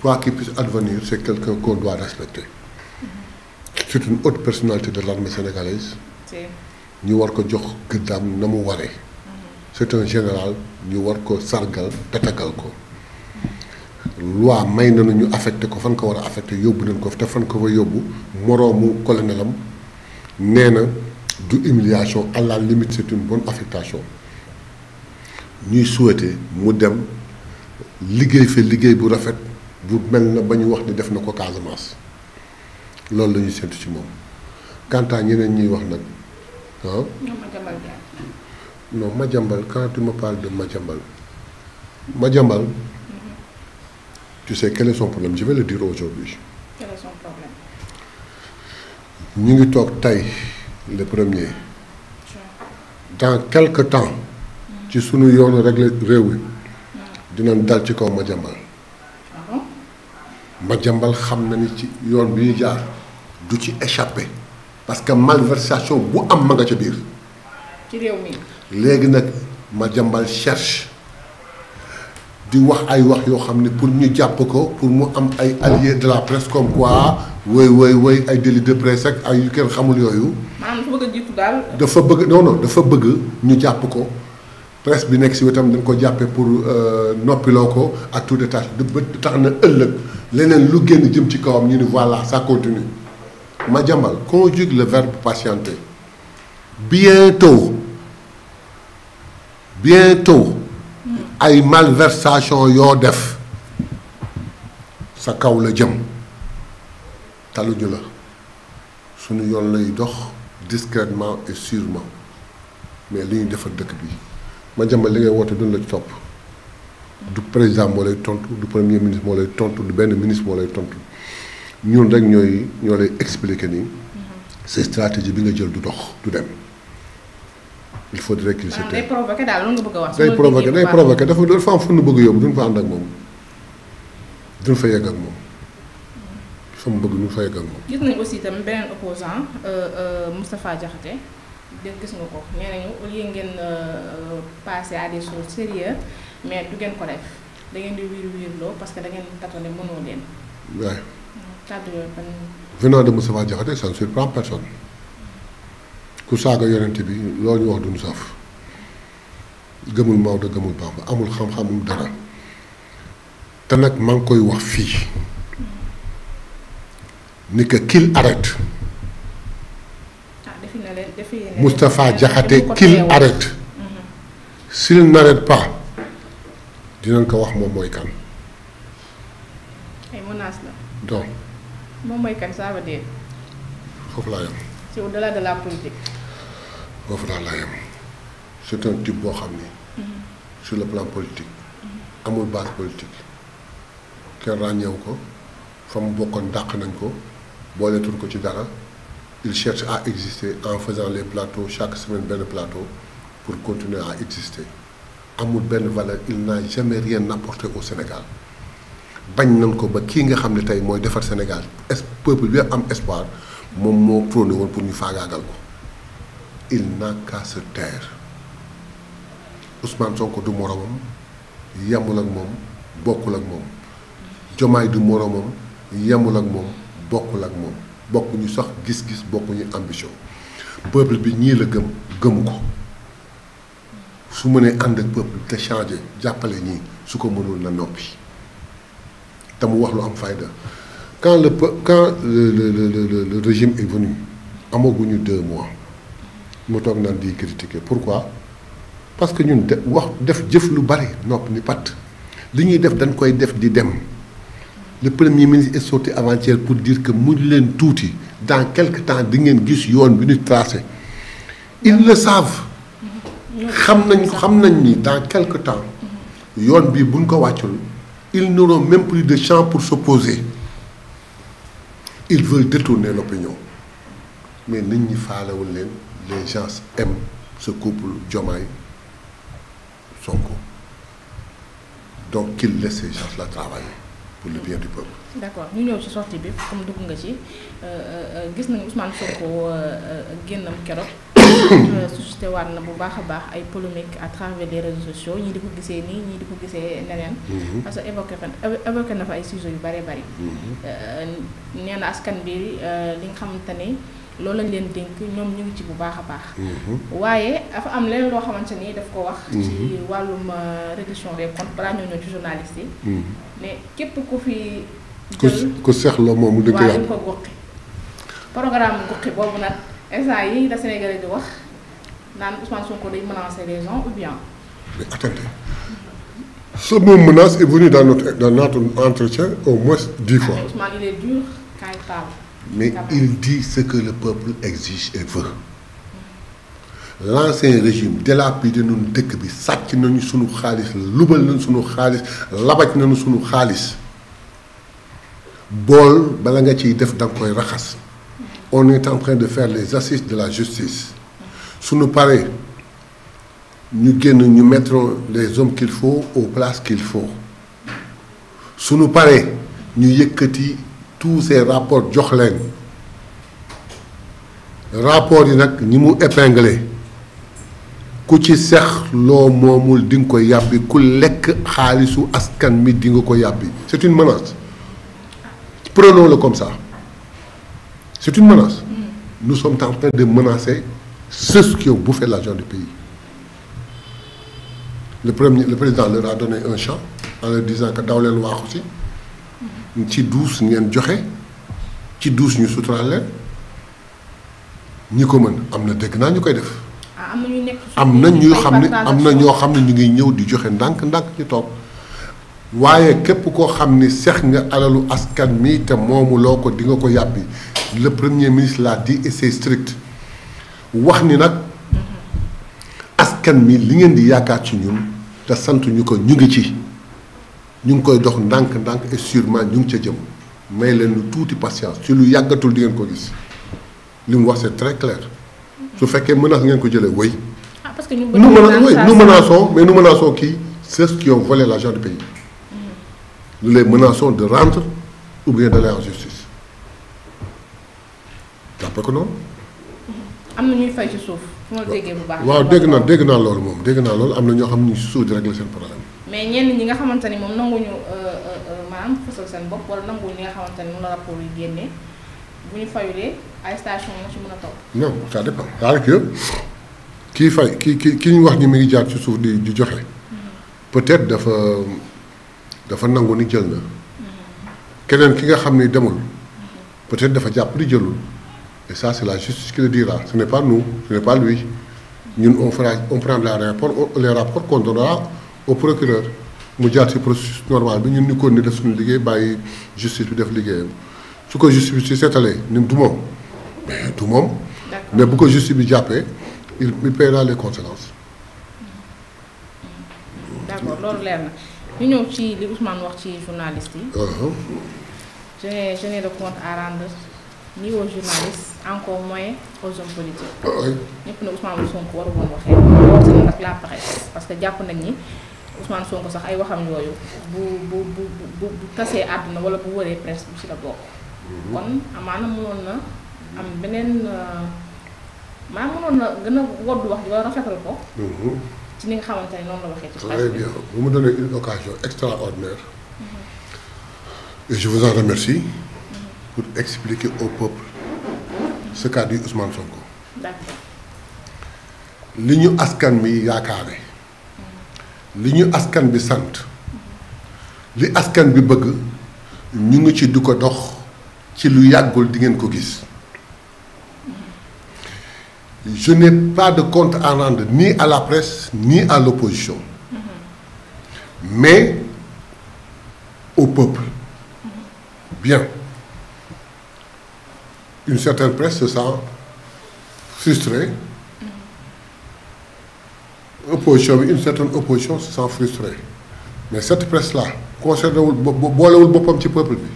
quoi qu'il puisse advenir c'est quelqu'un qu'on doit respecter c'est une haute personnalité de l'armée sénégalaise ñu war ko jox gëddaam na mu waree c'est un général ñu war ko sargal tatagal ko loi may na ñu affecte ko fan ko war a affecté yóbbu nañ ko te fan ko fa yóbbu moroomu colonelam nee na du humiliation à la limite c'est une affectation ñuy souhaité mu dem liggéey fa liggéey bu rafet bu mel na ba ñu wax ni def na ko Casamance loolu lañuy ñuy ci moom quant ñeneen ñuy wax nag ah. non Madiambal quand tu me parles de ma Madiambal. Mhm. tu sais quel est son problème je vais le dire aujourd'hui quel ñu ngi toog tey le premier. dans quelque temps. ci sunu yoonu rek réew mi dinañ dal ci ma kaw ma Madiambal xam na ni ci yoon bi ñu jaar du ci échappé parce que malversation bu am ma nga ca biir. ci réew mi léegi nag Madiambal cherche di wax ay wax yoo xam ne pour ñu jàpp ko pour mu am ay alliés de la presse comme quoi woy woy woy ay délit de presse ay yu kenn xamul yooyu. dafa bëgg a dafa bëgg ñu jàpp ko. presse bi nekk si wetam dañ ko jàppee pour euh, noppiloo ko ak tout de bët ba tax na ëllëg leneen lu génn jëm ci kawam ñu ni voilà ça continue Madiambal conjugue le verbe patienter bientôt bientôt ay malversation yoo def sa kaw la jëm taluñu la suñu yoon lay dox discrètement et sûrement mais li ñu defar dëkk bi ma jàmbal li ngay woote duñ la ci topp du président moo lay tontu du premier ministre moo lay tontu du benn ministre moo lay tontu ñun rek ñooy ñoo lay expliquer ni mhm. sa stratégie bi nga jël du dox du dem. il faut dire qu'il s'était ah, day provoqué daal loolu nga bëgg a wax. day provoqué day provoqué dafa dafa am fu bëgg a yóbbu duñ fa ànd ak moom duñ fa yegg ak moom. Mhm. fa mu bëgg duñ fa yegg ak moom. gis nañ aussi beneen opposant euh, euh, Moustapha Diakhaté. dé gis nga ko nee nañu au lieu ngeen euh, euh, passer à des choses mais du ngeen ko def da di wiir wiirloo parce que da ngeen tatone mënoo leen. waaw. kàddu yooyu fan. venant de Moustapha Diakhaté ça ne surprend personne ku saaga yonent bi loolu ñu wax duñu saf gëmul Maodo gëmul Bamba amul xam-xamum dara te nag maa ngi koy wax fii mm. ni que qu'il arrête. Moustapha Diakhaté qu'il arrête mm-hmm. s'il n'arrête pas dinañ ko wax moom mooy kan. ay menaces la. donc moom foofu laa yem. c'est au boo xam ni. Mm-hmm. sur la plan politique. Mm-hmm. amul base politique kenn ràññeewu ko fa mu bokkoon dàq nañ ko booleetul ko ci dara. il cherche à exister en faisant les plateaux chaque semaine benn plateau pour continuer à amul benn valeur il n'a jamais rien apporté au Sénégal bañ nañ ko ba kii nga xam ne tey mooy defar Sénégal am espoir moom moo woon pour ñu faagaagal ko il n'a qu'à se taire Ousmane Sonko du moromam yemul ak moom bokkul ak moom Jomaay du moromam yemul ak moom bokkul ak moom. bokkuñu sax gis-gis bokkuñu ambition peuple bi ñii la gëm gëmu ko su mënee ànd ak peuple te changé jàppale ñii su ko mënul na noppi te mu wax lu am fayda quand le peu quand le le le le régime est venu amaguñu deux mois mu toog naan di critiquer pourquoi parce que ñun de wax def jëf lu bari nopp ni pat li ñuy def dañ koy def di dem. le premier ministre est sorti avant-hier pour dire que muñ leen tuuti dans quelque temps di ngeen gis yoon bi ñu tracé ils le savent xam nañ xam nañ ni dans quelque temps yoon bi buñ ko wàccul ils n'auront même plus de champ pour s'opposer ils veulent détourner l'opinion mais nit ñi faalewul leen les gens m sa couple Diomaye Sonko donc qu'ils laissent ces gens-là travailler pour le accord ñu ñëw ci sortie bi comme dugg nga ci euh, euh, euh, gis nañu Ousmane Sonko génnam keroog. suscité waat na bu baax a baax ay polémique à travers les réseaux sociaux ñii di ko gisee nii ñii di ko gisee neneen. Mm-hmm. parce que évoqué fan évoqué na fa ay sujets yu bëree bëri. Mm-hmm. nee na askan bi li nga xamante ni. loolu lañ leen dénk ñoom ñu ngi ci bu baax a baax. Mm-hmm. waaye dafa am leneen loo xamante ni daf ko wax. ci mm-hmm. wàllum euh, réduction des comptes balaa ñoo ñëw ci journaliste yi. mais mm-hmm. képp ko fi. ku ku seexloo moom di ko yàq ko goqi boobu nag instant yi la Sénégalais di wax naan Ousmane Sonko day menacer les gens ou bien. mais attendez ce mot menace est venu dans notre dans entretien au moins dix ah, fois. Ousmane il est dur quand il mais il dit ce que le peuple exige et veut l'ancien régime dilapidé nañu dëkk bi sàcc nañu sunu xaalis lubal nañu sunu xaalis labaj nañu sunu xaalis bool bala nga ci def da koy raxas on est en train de faire les assises de la justice sunu pare ñu génn ñu mettre les hommes qu'il faut aux places qu'il faut sunu paree ñu yëkkati. tous ces rapport jox leen rapport yi nag ñi mu épinglé ku ci sex loo moomul di nga ko yàbbi ku lekk xaalisu askan mi di nga ko yàbbi c'est une menace prenons-le comme ça c'est une menace mm. nous sommes en train de menacer ceux qui ont bouffé l'argent du pays le premier le président leur a donné un champ daw leen waaxu si ci duus ngeen joxe ci duus ñu suturaal ñi ko mën am na dégg naa ñu koy def. Ah, am na ñu xam ne am na ñoo xam ne ñu ngi ñëw di joxe ndànk-ndànk ci toog waaye képp koo xam ni sex nga alalu askan mi te moomuloo ko dinga ko yàbbi le premier ministre laa di et c'est strict wax ni nag mm-hmm. askan mi li ngeen di yaakaar ci ñun te sant ñu ko ñu ngi ci. ñu ngi koy dox ndànk ndànk et sûrement ñu ngi ca jëm may leen lu tuuti patience ci lu yàggatul di ngeen ko gis li mu wax see très clair su fekkee menace ngeen ko jëlee wéy. ah parce que ñu nous menaçons mais nu menaçons qui ceux qui ont volé l'argent de rendre ou bien d'aller en justice jàppe ko noonu. am na ñuy fay ci suuf. fu ma déggee bu baax. waaw dégg naa dégg naa loolu moom dégg naa loolu am na ñoo xam ne ñu suuf di régler seen problème. mais ñenn ñi nga xamante ni moom nanguñu euh, euh, euh, maanaam fësal seen bopp wala nanguñu li nga xamante ni moom rapport yi génnee bu ñu fayulee ay station na ci mën a topp. non ça dépend cest à kii fay ki wax ni mi ngi jaar ci suuf di di joxe. Mm-hmm. peut-être dafa dafa nangu ni jël na. Mm-hmm. keneen ki nga xam ni demul. Mm-hmm. peut-être dafa jàpp ni jëlul. et ça c'est la justice qui le dira ce n'est pas nous ce n'est pas lui ñun on fera on prendra les rapports les rapports qu'on au procureur mu jaar ci processus normal bi ñun ñu ko ni def suñu liggéey bàyyi justice bi def liggéeyam su ko justice bi ci seetalee ñun du moom mais du moom mais bu ko justice bi jàppee il il paiera les conséquences d'accord loolu leer na ñu ñëw ci li Ousmane wax ci journaliste yi. je n'ai je n'ai de compte à rendre ni aux journalistes encore moins aux hommes politiques. Ah ñëpp na Ousmane Sonko waru woon waxee. loolu parce que jàpp nañ ni. Ousmane Sonko sax ay waxam yooyu bu bu bu bu bu tasee àdduna wala bu wëree presse bu ci la bokk. Mhm. kon amaana mënoon na am beneen euh, maa mënoon na gën a wodd wax di wala rafetal ko. Mhm. ci ni nga xamante ne noonu la waxee. ci très bien vous me donnez une occasion extraordinaire. Mhm. et je remercie. pour expliquer au peuple ce qu'a dit Ousmane Sonko. d'accord. li ñu askan mi yaakaare. li ñu askan bi sant li askan bi bëgg ñu ngi ci du ko dox ci lu yàggul di ngeen ko gis je n'ai pas de compte à rendre ni à la presse ni à l'opposition mais au peuple bien une certaine presse se sent frustrée opposition bi une certaine opposition se sent frustrée mais cette presse là concerné wul boolewul boppam ci peuple bi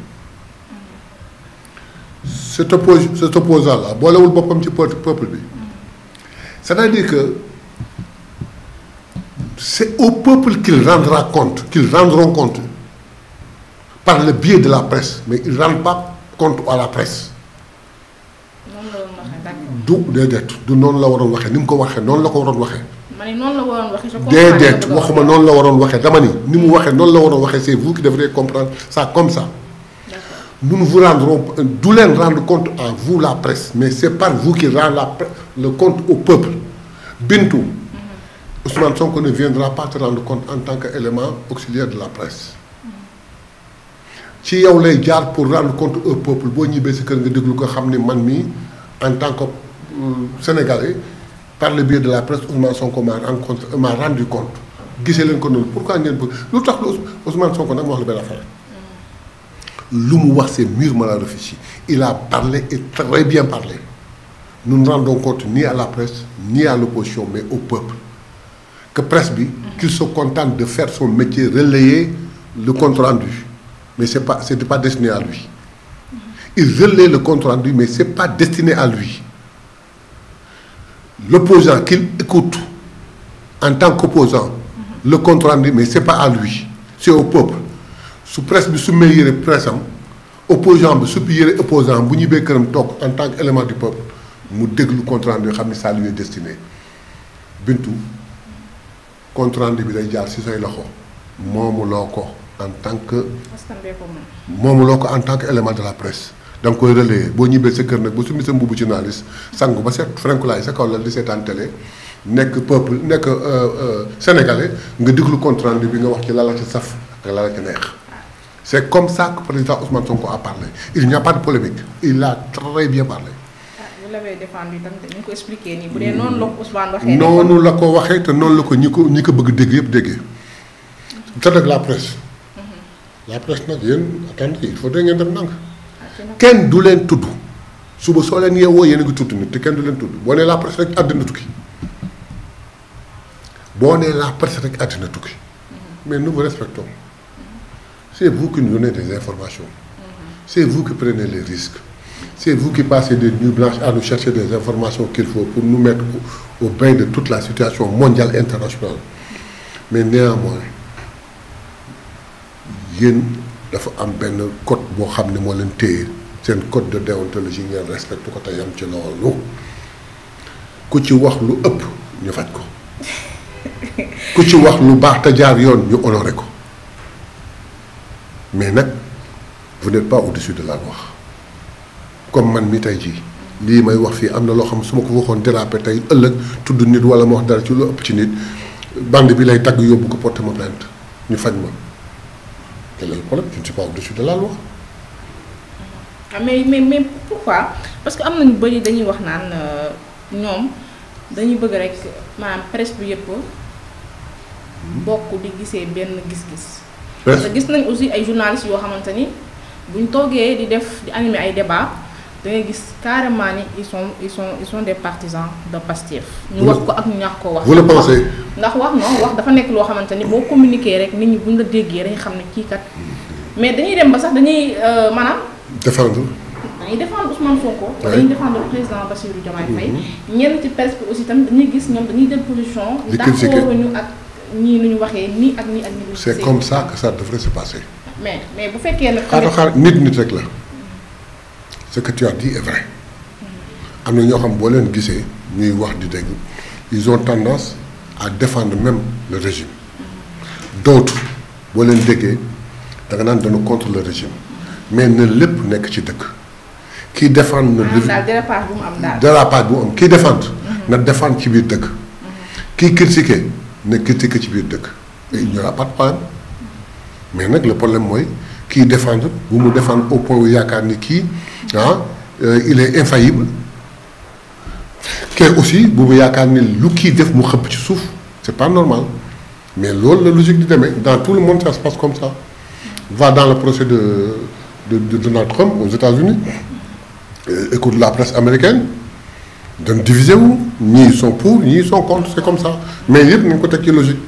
cet oppo cet opposant là boolewul boppam ci peuple bi c'est-à-dire que c'est au peuple qu'il rendra compte qu'ils rendront compte par le biais de la presse mais ils rendent pas compte à la presse du déedéet du noonu la waroon waxee ni mu ko waxee noonu la ko waroon waxee ma ne noonu la waroon waxee je déedéet waxuma noonu la waroon waxee dama ni ni mu waxee noonu la waroon waxee c'est vous qui devrez comprendre ça comme ça. nous ne vous rendrons du leen rendre compte à vous la presse mais c'est par vous qui rend la le compte au peuple Bintu. Mm-hmm. Ousmane Sonko ne viendra pas te rendre compte en tant qu'élément auxiliaire de la presse mm-hmm. ci yow lay jaar pour rendre compte au peuple boo ñibbee si kër nga déglu ko xam ni man mii en tant que euh, sénégalais. par le biais de la presse Ousmane Sonko m'a rencontré m'a rendu compte gisee leen ko noonu pourquoi ngeen bëgg lu tax lu Ousmane Sonko nag ma wax la benn lu mu wax c'est mûrement réfléchi il a parlé et très bien parlé nous ne rendons compte ni à la presse ni à l'opposition mais au peuple que presse bi qu'il se contente de faire son métier relayer le compte rendu mais c'est pas c'était pas destiné à lui il relaie le compte rendu mais c'est pas destiné l'opposant qu'il écoute en tant qu'opposant mhm. le compte rendu mais c'est pas à lui c'est au peuple su presse bi sumee yëre presse am opposant bi suppi yëre opposant bu ñibbee këram toog en tant qu'élément du peuple mu déglu compte rendu xam ni ça lui est destiné bintu compte rendu bi day jaar ci say loxo moomu loo ko en tant que moomu loo ko en tant qu'élément de la presse da koy relayer boo ñibbee sa kër nag ba summi sa mbubb ci naalis sangu ba set frankulaay sa kaw la di seetaan télé nekk peuple nekk euh, euh, sénégalais nga diglu compte rendu bi nga wax ci la la ci saf ak la la ci neex c'est comme ça que président Ousmane Sonko a parlé il n'y a pas de polémique il a ah, noonu la ko waxee te noonu la ko ñi ko ñi ko bëgg dégg yëpp déggee mm-hmm. te nag la presse mm-hmm. la presse nag yéen attendez il faut ngeen def ndànk kenn du leen tudd suba soo leen yeewoo yéen a ngi tudd nit te kenn du leen tudd boo nee la presse rek àddina tukki boo nee la presse rek àddina tukki mais nous vous respectons c'est vous qui nous donnez des informations c'est vous qui prenez les risques c'est vous qui passez des nuits blanches à nous chercher des informations qu'il faut pour nous mettre au, bain de toute la situation mondiale internationale mais néanmoins yéen. dafa am benn code boo xam ne moo leen téye seen code de déontologie ngeen respecté ko te yam ci loolu ku ci wax lu ëpp ñu faj ko ku ci wax lu baax te jaar yoon ñu honoré ko mais nag vous n'êtes pas au de la wax comme man mi tey jii lii may wax fii am na loo xam su ma ko waxoon dérapé tey ëllëg tudd nit wala ma wax dara ci lu ëpp ci nit bande bi lay tagg yóbbu ko porte ma plainte ñu faj ma quel est le problème je ne suis pas au-dessus ah, parce que am na ñu bëri dañuy wax naan euh, ñoom dañu bëgg rek maanaam presse bu yëpp hmm? bokk di gisee benn gis-gis. parce que gis nañ aussi ay journalistes yoo xamante ni buñ toogee di def di animer ay débat da gis carrément ni ils sont ils sont ils sont des partisans de Pastef. ñu wax ko ak ñaax ko wax. vous le pensez. ndax wax non wax dafa nekk loo xamante ni boo communiquer rek nit ñi buñ la déggee dañuy xam ne kii kat mais dañuy dem ba sax dañuy euh, maanaam. défendre. dañuy défendre Ousmane Sonko. waaw dañuy défendre président Bassirou Diomaye Faye. Mhm. ñenn ci presse bi aussi itam dañuy gis ñoom dañuy jël position. di d'accord ñu ak ñii nu ñu waxee nii ak nii ak nii. c'est comme ça que ça devrait mais mais bu fekkee nag. xaaral xaaral nit nit rek la. ce di tu am na ñoo xam boo leen gisee ñuy wax di dëgg ils ont tendance à défendre même le régime d'autres boo leen déggee da nga naan dañu contre le régime mais na lépp nekk ci dëkk kii défendre na. daal bu am daal dérapage kii défendre. Mhm. na défendre ci biir dëkk. kii critiquer na critiquer ci biir dëkk. et il n'y aura pas mais nag la problème mooy kii défendre bu mu défendre au point où yaakaar ni kii. ah euh, il est infaillible kenn aussi bu mu yaakaar ni lu kii def mu xëpp ci suuf c'est pas normal mais loolu la logique di demee dans tout le monde ça se passe comme ça va dans le procès de de de Donald Trump aux États-Unis euh, la presse américaine dañ diviser wu ñii sont pour ñii sont contre c'est comme ça mais yëpp nañ ko teg ci logique.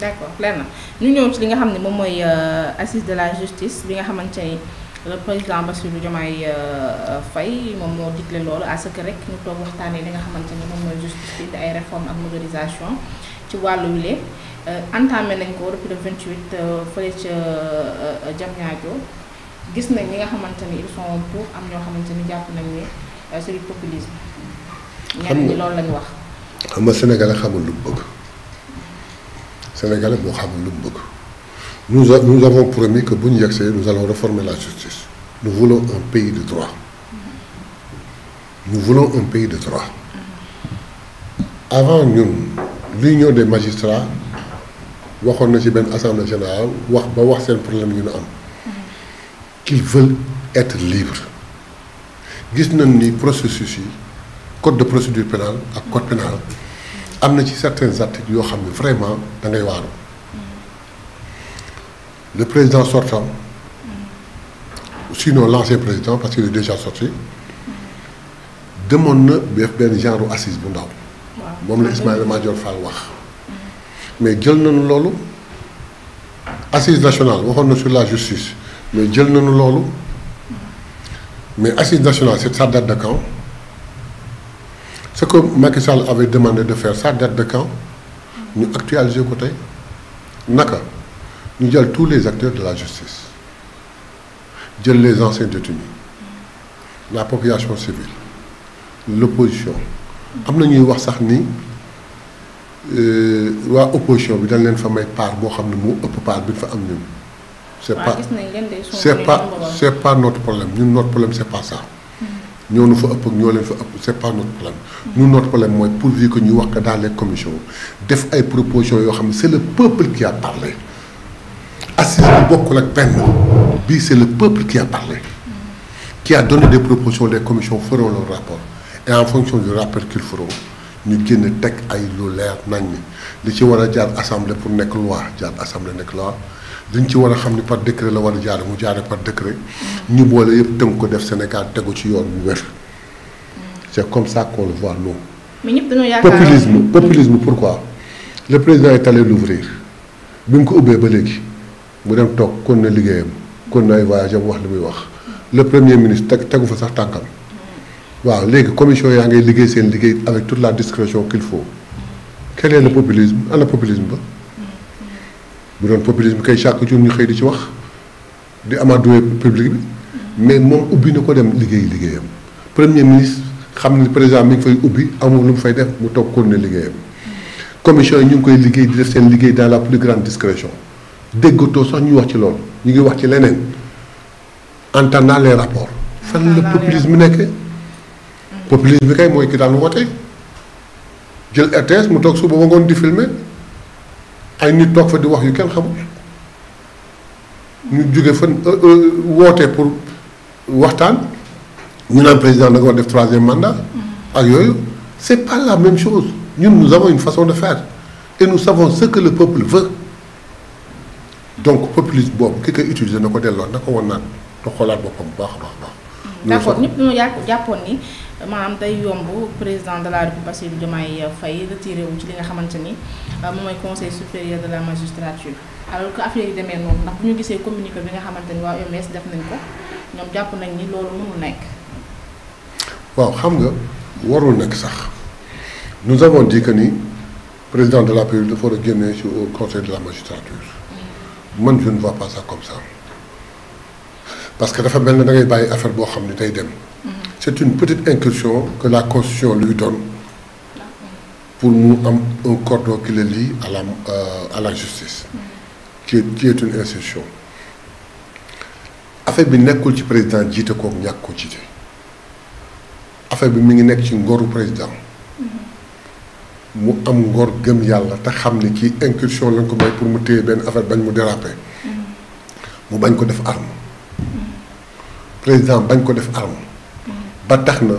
d'accord leer na ñu ñëw ci li nga xam ne moom mooy euh, assise de la justice bi nga xamante ni. le président Bassirou Diomaye euh, euh, Faye moom moo digle loolu à que rek ñu toog waxtaanee li nga xamante ni moom mooy justice di ay réforme ak modernisation ci wàllu wile euh, entamé nañ ko depuis le 28 fële ca Diamniadio gis nañ ñi nga xamante ni ils sont pour am ñoo xamante ni jàpp nañ ni c'est du populisme. ñenn loolu lañ wax. xam nga Sénégal xamul lu mu bëgg xamul lu mu bëgg. Nous, a, nous avons promis que Bouniaxé, nous allons réformer la justice. Nous voulons un pays de droit. Nous voulons un pays de droit. Avant nous, ñoo des magistrats, waxoon na ci benn assemblée générale wax ba wax seen problème yu ñu am qu'ils veulent être libres gis nañ ni processus yi code de procédure pénale ak code pénal am na ci certains articles yoo xam ne vraiment da ngay waaru le président sortant, sinon l'ancien président parce qu'il est déjà sorti demoon na bu def benn genre assise bu ndaw. moom la Ismaïla Madior Fall wax. mais jël nañu loolu assise nationale waxoon na sur la justice mais jël nañu loolu mais assise nationale c'est ça date de quand ce que Macky Sall avait demandé de fair ça date de quand ñu actualiser ko tey naka. ñu jël tous les acteurs de la justice jël les anciens détenus la population civile l'opposition am na ñuy wax sax ni euh, waa opposition bi dañ leen fa may part boo xam ne moo ëpp part bi ñu fa am ñun. c'est pas c'est pas c'est pas notre problème ñu notre problème c'est pas ça. Hmm. ñoo nu fa ëpp ñoo leen fa ëpp c'est pas notre problème. ñun notre problème mooy pourvu ko ñu wax que dans les commissions def ay propositions yoo xam ne c'est le peuple qui a parlé. assise bu bokkul ak benn bii se le peuple qui a parlé qui a donné des propositions les commissions feront leur rapport et en fonction du rapport qu'ils ñu génn teg ay lu leer nañ ni li ci war a jaar assemblée pour nekk loi jaar assemblée nekk loi liñ ci war a xam ni par décret la war a jaar mu jaare par décret ñu boole yëpp tënk ko def Sénégal tegu ci yoon bu wér c'est comme ça qu'on le voit nous. mais ñëpp dañoo yaakaar populisme populisme pourquoi le président est allé bi mu ko ubbee ba léegi. mu dem toog kon na liggéeyam kon na ay voyage am wax li muy wax le premier ministre teg tegu fa sax tànkam waaw léegi commission yaa ngay liggéey seen liggéey avec toute la discrétion qu'il faut quel est le populisme ana populisme ba bu doon populisme kay chaque jour ñu xëy di ci wax di amadoué public bi mais moom ubbi na ko dem liggéey liggéeyam premier ministre xam ne président mi ngi fay ubbi amul lu mu fay def mu toog kon na liggéeyam commission ñu ngi koy liggéey di liggéey dans la plus grande déggatoo sax ñuy wax ci lool ñu ngi wax ci leneen entendant les rapports. fan la populisme nekkee. Mm. populisme bi kay mooy ki daan woote jël RTS mu toog suba ba ngoon di filmer ay nit toog fa di wax yu kenn xamul ñu jóge fan euh, euh, woote pour waxtaan ñu naan président da nga war def troisième mandat. Mm. ak yooyu c'est pas la même chose ñun nous avons une façon de fair et nous savons ce que peuple veut. donc populisme boobu ki koy utiliser na ko delloo na ko woon naan na xoolaat boppam bu baax a baax baax. d' accord ñëpp dañoo jàppoon ni maanaam day yomb président de la République Bassirou Diomaye Faye retiré wu ci li nga xamante ni euh, moom mooy conseil supérieur de la magistrature alors que affaire yi demee noonu ndax bu ñu gisee communiqué bi nga xamante ni waa UMS def nañ ko ñoom jàpp nañ ni loolu mënul nekk. waaw xam nga warul nekk sax nu sa dit que ni président de la République dafa war a génne ci man je ne vois pas comme ça parce que dafa mel ne da ngay bàyyi affaire boo xam ne day dem. Mm-hmm. c'est une petite incursion que la constitution lui donne pour mu am un cordon qui le lie à la euh, à la justice. Mm-hmm. qui une institution. affaire bi nekkul ci président jiite kook ñàkk ko jiite affaire bi mi ngi nekk ci ngooru président. mu am ngor gëm yàlla te xam ne ci incursion lañ ko may pour mu téye benn affaire bañ mu déraper. mu bañ ko def arme. président bañ ko def arme. ba tax na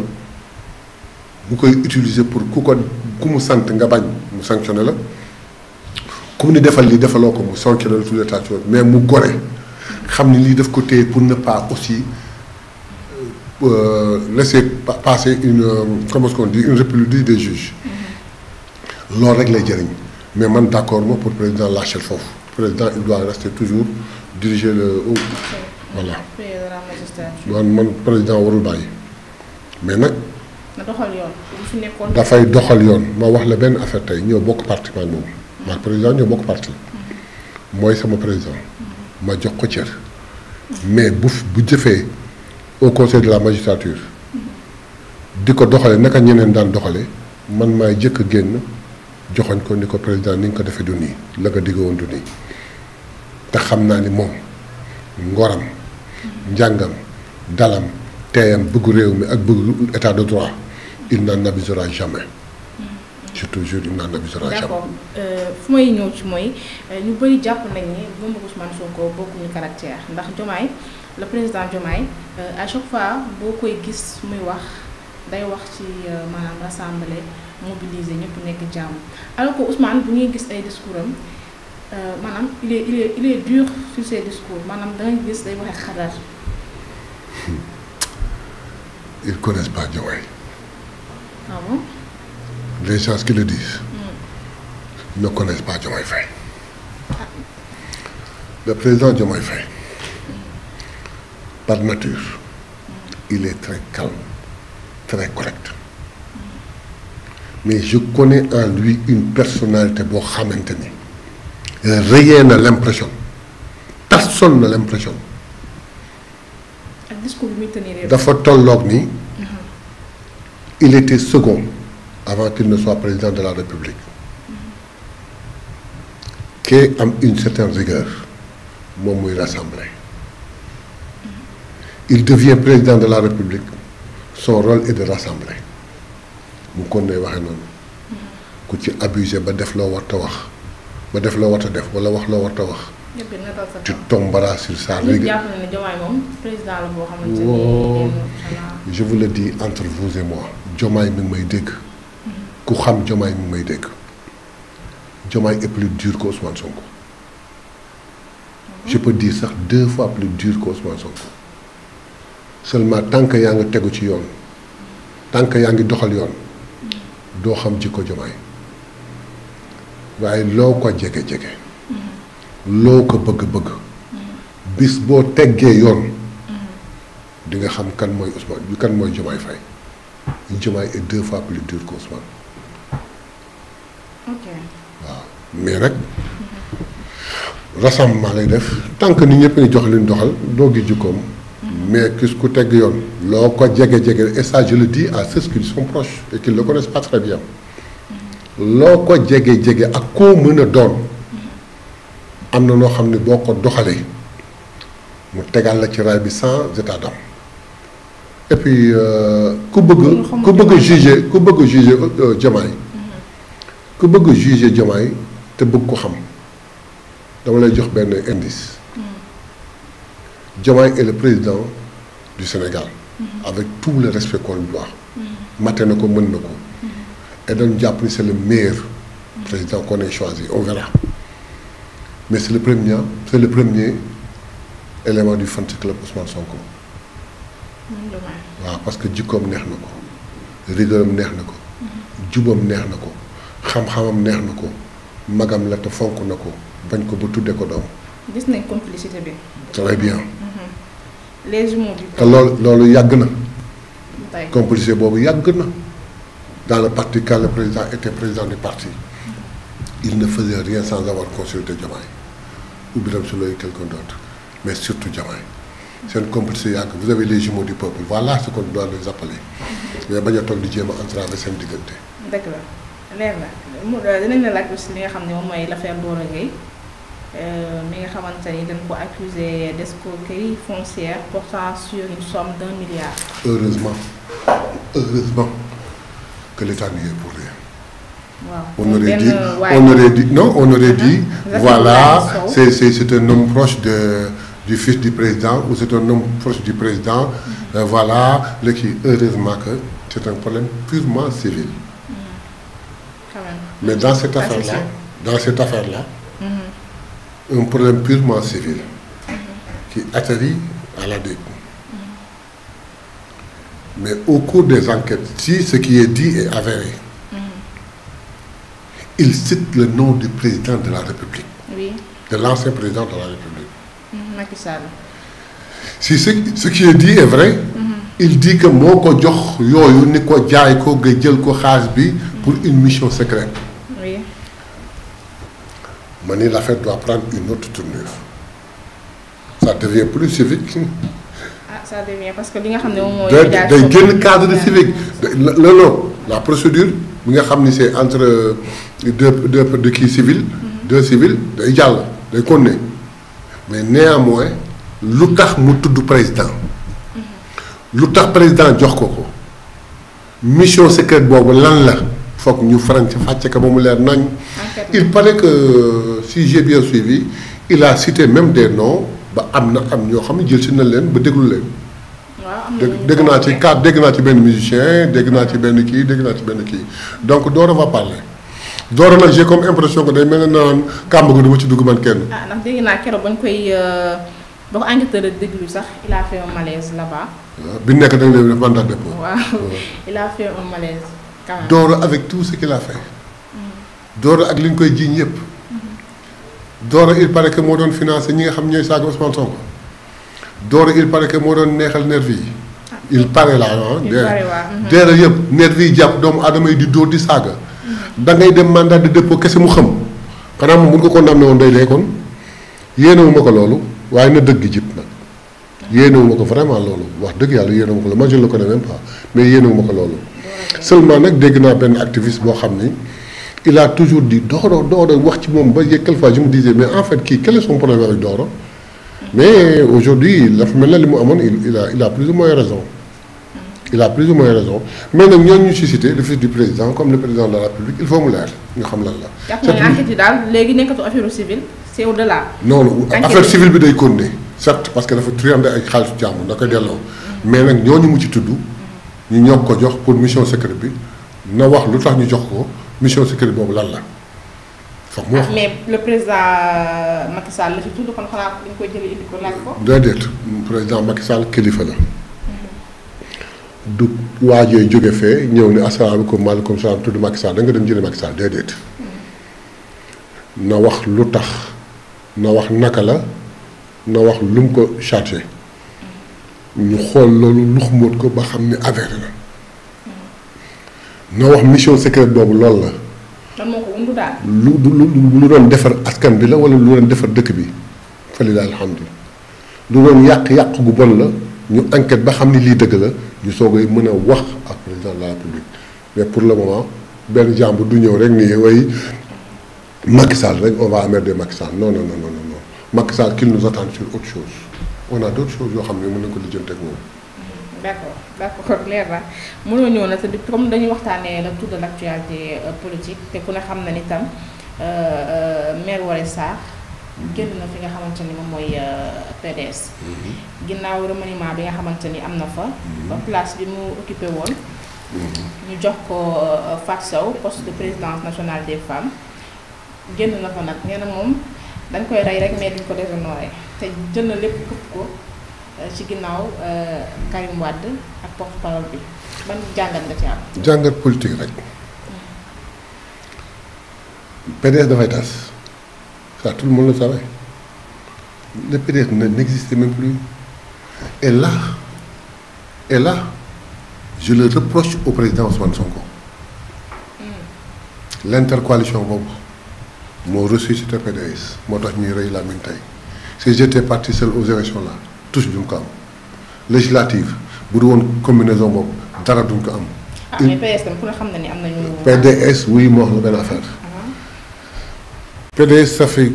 mu koy utiliser pour ku ko ku mu sant nga bañ mu sanctionné la ku mu ni defal li defaloo ko mu sanctionné la tout l'état mais mu gore xam ne lii daf ko téye pour ne aussi euh, euh, laisser passer une euh, comment est-ce qu'on dit une république des juges. loolu rek lay jëriñ mais man d' accord pour président lâchel foofu président il doit rester toujours diriger le haut voilà man man président warul bàyyi mais nag. dafay doxal yoon ma wax la benn affaire tey ñëw bokk parti man moom maag président ñoo bokk parti mooy sama président ma jox ko cër mais bu bu jëfee au conseil de la magistrature di ko doxale naka ñeneen daan doxale man maay jëkk a génn joxoñ ko ni ko président ni nga ko defee du nii la nga diggoon du te xam naa ni moom ngoram njàngam dalam teeyam bëggu réew mi ak bëggu état de droit il na abusera jamais surtout toujours il n'en abusera euh, fu may ñëw ci mooy euh, ñu bëri jàpp nañ ni moom ak Ousmane Sonko bokkuñu caractère ndax Diomaye le président Diomaye euh, à chaque fois boo koy gis muy wax. day wax ci euh, maanaam rassembler mobiliser ñëpp nekk jàmm alors que Ousmane bu ñuy gis ay discours am euh, maanaam il est il est il est discours maanaam da gis day waxee xadar. Hmm. ils connaissent pas Diomaye. ah bon. les qui le disent. Hmm. ne connaissent pas Diomaye Faye. Ah. le président Diomaye Faye. Hmm. par il est très calme. très correct mais je connais en lui une personnalité boo xamante ni rien n'a l'impression personne n'a l'impression dafa tolloog ni uh-huh. il était second avant qu'il ne soit président de la République uh-huh. kee am une certaine rigueur moom muy rassembler uh-huh. il devient président de la République son rôle est de rassembler mu kon ne waxee noonu mm-hmm. ku ci abusé ba def loo warta wax ba def loo warta def wala wax loo warta wax. tu tomberas sur sa rigueur. je vous le dis mi may dégg. Mm-hmm. ku xam Diomaye mi may dégg. Diomaye est plus dur que Ousmane Sonko. Ah je peux dire sax deux fois plus dur que Ousmane Sonko. seulement tànk yaa ngi tegu ci yoon tànk yaa ngi doxal yoon doo xam ci ko Diomaye waaye loo ko jege jege loo ko bëgg bëgg bis boo teggee yoon di nga xam kan mooy Ousmane kan mooy Diomaye Faye Diomaye est deux fois plus dur qu'Ousmane ok waaw mais rek rassemblement lay def tànk que nit ñëpp ngi jox leen doxal doo gis jikkoom mais kis ku teg yoon loo ko jege jege et ça le dis à ceux qui sont proches et qui ne le connaissent loo ko jege jege ak koo mën a doon am na noo xam ne boo ko doxalee mu tegal la ci raay bi sans état d'âme et euh, ku bëgg ku bëgg a ku bëgg a juger euh, euh, Diomaye ku bëgg a juger Diomaye te bëgg ko xam dama lay jox benn indice mm. Diomaye est le président du Sénégal. Mm-hmm. avec tout le respect qu'on lui doit. Mm-hmm. na ko mën na ko. Mm-hmm. et dañu jàpp ni c'est le meilleur président qu'on ait choisi on verra mais c'est le premier c'est le premier élément du fan club Ousmane Sonko. waa parce que jikkoom neex na ko rigooram neex na ko. jubam neex na ko xam-xamam neex na ko magam la te fonk na ko bañ ko ba tuddee ko doom. gis nañ complicité très bien. les jumeaux du te loolu loolu yàgg na. complicité boobu yàgg na. dans le parti quand président était président du parti il ne faisait rien sans avoir consulté Diomaye ou Birame Souleye quelqu'un d'autre mais surtout Diomaye seen complicité yàgg vous avez les jumeaux du peuple voilà ce qu'on doit les appeler mais bañ a toog di jéem entraver seen diggante. dëgg la leer la laaj aussi li Euh, mi nga xamante ni dañ ko accusé d'escroquerie foncière portant sur une somme d'un milliard. heureusement heureusement que l'État n'y est pour on aurait dit on aurait dit non on aurait dit. voilà c'est c'est un homme proche du fils du président ou c'est un homme proche du président. Mm-hmm. Euh, voilà le qui heureusement que c'est un problème purement civil. Mm. Quand même. mais dans cette affaire-là dans cette affaire-là. Mm-hmm. un problème purement civil qui atterrit à la DECO. Mais au cours des enquêtes, si ce qui est dit est avéré, il cite le nom du président de la République, oui. de l'ancien président de la République. Mhm, Macky Si ce qui est dit est vrai, mhm. il dit que moo ko jox yooyu ni ko jaay ko nga jël ko xaalis bi pour une mission secrète. ma ni l'affaire doit prendre une autre tournure ça devient plus civique. Ah, parce que li nga xam ne moom mooy. day génn cadre civique. la la procédure bi nga xam ni c'est entre euh, deux deux de kii civil. Mhm. de civil day jàll day continuer mais néanmoins lu tax mu tudd président. Mhm. lu tax président jox ko ko mission secrète boobu lan la. foog ñu faranci fàcce ka ba mu leer nañ il paraît que si j'ai bien suivi il a cité même des noms ba am na am ñoo xam ne jël si na leen ba déglu leen dégg naa ci cadre dégg naa ci benn musicien dégg naa ci benn kii dégg naa ci benn kii donc Dora va parler Dora nag j'ai comme impression que day mel ne naan ci dugg man kenn ah dégg naa keroog ba ñu koy euh, ba ko enquêteur a déglu sax il a fait un malaise là bi nekk dañ leen def de dépôt waaw Doro avec tout ce qu'il a fait. Mm. ak li ñu koy jiiñ yëpp. Mm-hmm. Doro il paraît que moo doon financé ñi nga xam ñooy saaga Ousmane Sonko. Doro il paraît que moo doon neexal nervi yi. Ah. il paraît là ah. il paraît waaw mm-hmm. deere yëpp nervi yi jàpp doomu aadama yi di dóor di saaga. Mm-hmm. da ngay dem mandat de dépôt kese mu xam. xanaa moom bu ñu ko condamné woon day dee kon yéenewu ko loolu waaye na dëgg gi jib nag yéenewu ko vraiment loolu wax dëgg yàlla yéenewu ma ko loolu man je le connais même pas ma ko loolu. seulement nag dégg naa benn activiste boo xam ni il a toujours dit Doro Doro wax ci moom ba quelques fois je me disais mais en fait kii quel est son problème avec Doro mais aujourd'hui dafa mel na li mu amoon il a il a plus ou moins raison il a plus ou moins raison mais nag ñooñu ñu suscité le fils du président comme le président de la République il faut mu ñu xam lan la. nga enquête yi daal léegi nekkatu affaire civile c'est au-delà. non non affaire bi day continuer certes parce que dafa truander ay xaalisu jàmm da koy delloo mais nag ñooñu mu ci tudd. ñu ñoo ko jox pour mission secret bi na wax lu tax ñu jox ko mission secret boobu lan la. foog mu wax mais le président euh, Macky Sall la président Macky kilifa la. du waajee jóge fee ñëw ni ne asalaamaaleykum maaleykum salaam tudd Macky Sall da nga dem jëlee Macky Sall déedéet. na wax lu tax na wax naka la na wax lu ko chargé. ñu xool loolu lux móot ko ba xam ne avéré la noo wax mission secrète boobu loolu la. lu lu lu doon defar askan bi la wala lu doon defar dëkk bi fa lillahi alhamdu lu doon yàq-yàq gu bon la ñu enquête ba xam ni lii dëgg la ñu soogay mën a wax ak président de la république mais pour la moment benn jàmbur du ñëw rek nii way Macky rek on va emmerder Macky Sall non non non non non Macky Sall sur autre on a d'autres choses yoo xam ne mën na ko lijjanti ak moom. d' accord leer na mënoo ñëw na te comme dañuy waxtaanee la tudd l' actualité euh, politique te ku ne xam na ni tam euh, euh, maire Woré Sarr génn na fi nga xamante ni moom mooy PDS. Mhm. ginnaaw remaniement bi nga xamante ni am na fa. Mhm. ba place bi mu occupé woon. Mhm. ñu jox ko Fatou Sow poste de présidence nationale des femmes génn na fa nag nee moom. dañ koy rey rek mais duñ ko déshonoré te jël na lépp këpp ko euh, ci ginnaaw euh, Karim Wade ak porte-parole bi ban jàngat nga ci am. jàngat politique rek. PDS dafay tas ça tout le monde le savait le PDS n'existait même plus et là et le reproche au président Ousmane Sonko. Hmm. l'intercoalition boobu. moo ressuscité PDS moo tax ñuy rey Lamine tey si j'étais parti seul aux élections là tous duñ ko am législative bu du woon combinaison boobu dara duñ ko am. ah mais PDS tam ku xam na euh, benn affaire. Uh-huh. PDS ça fait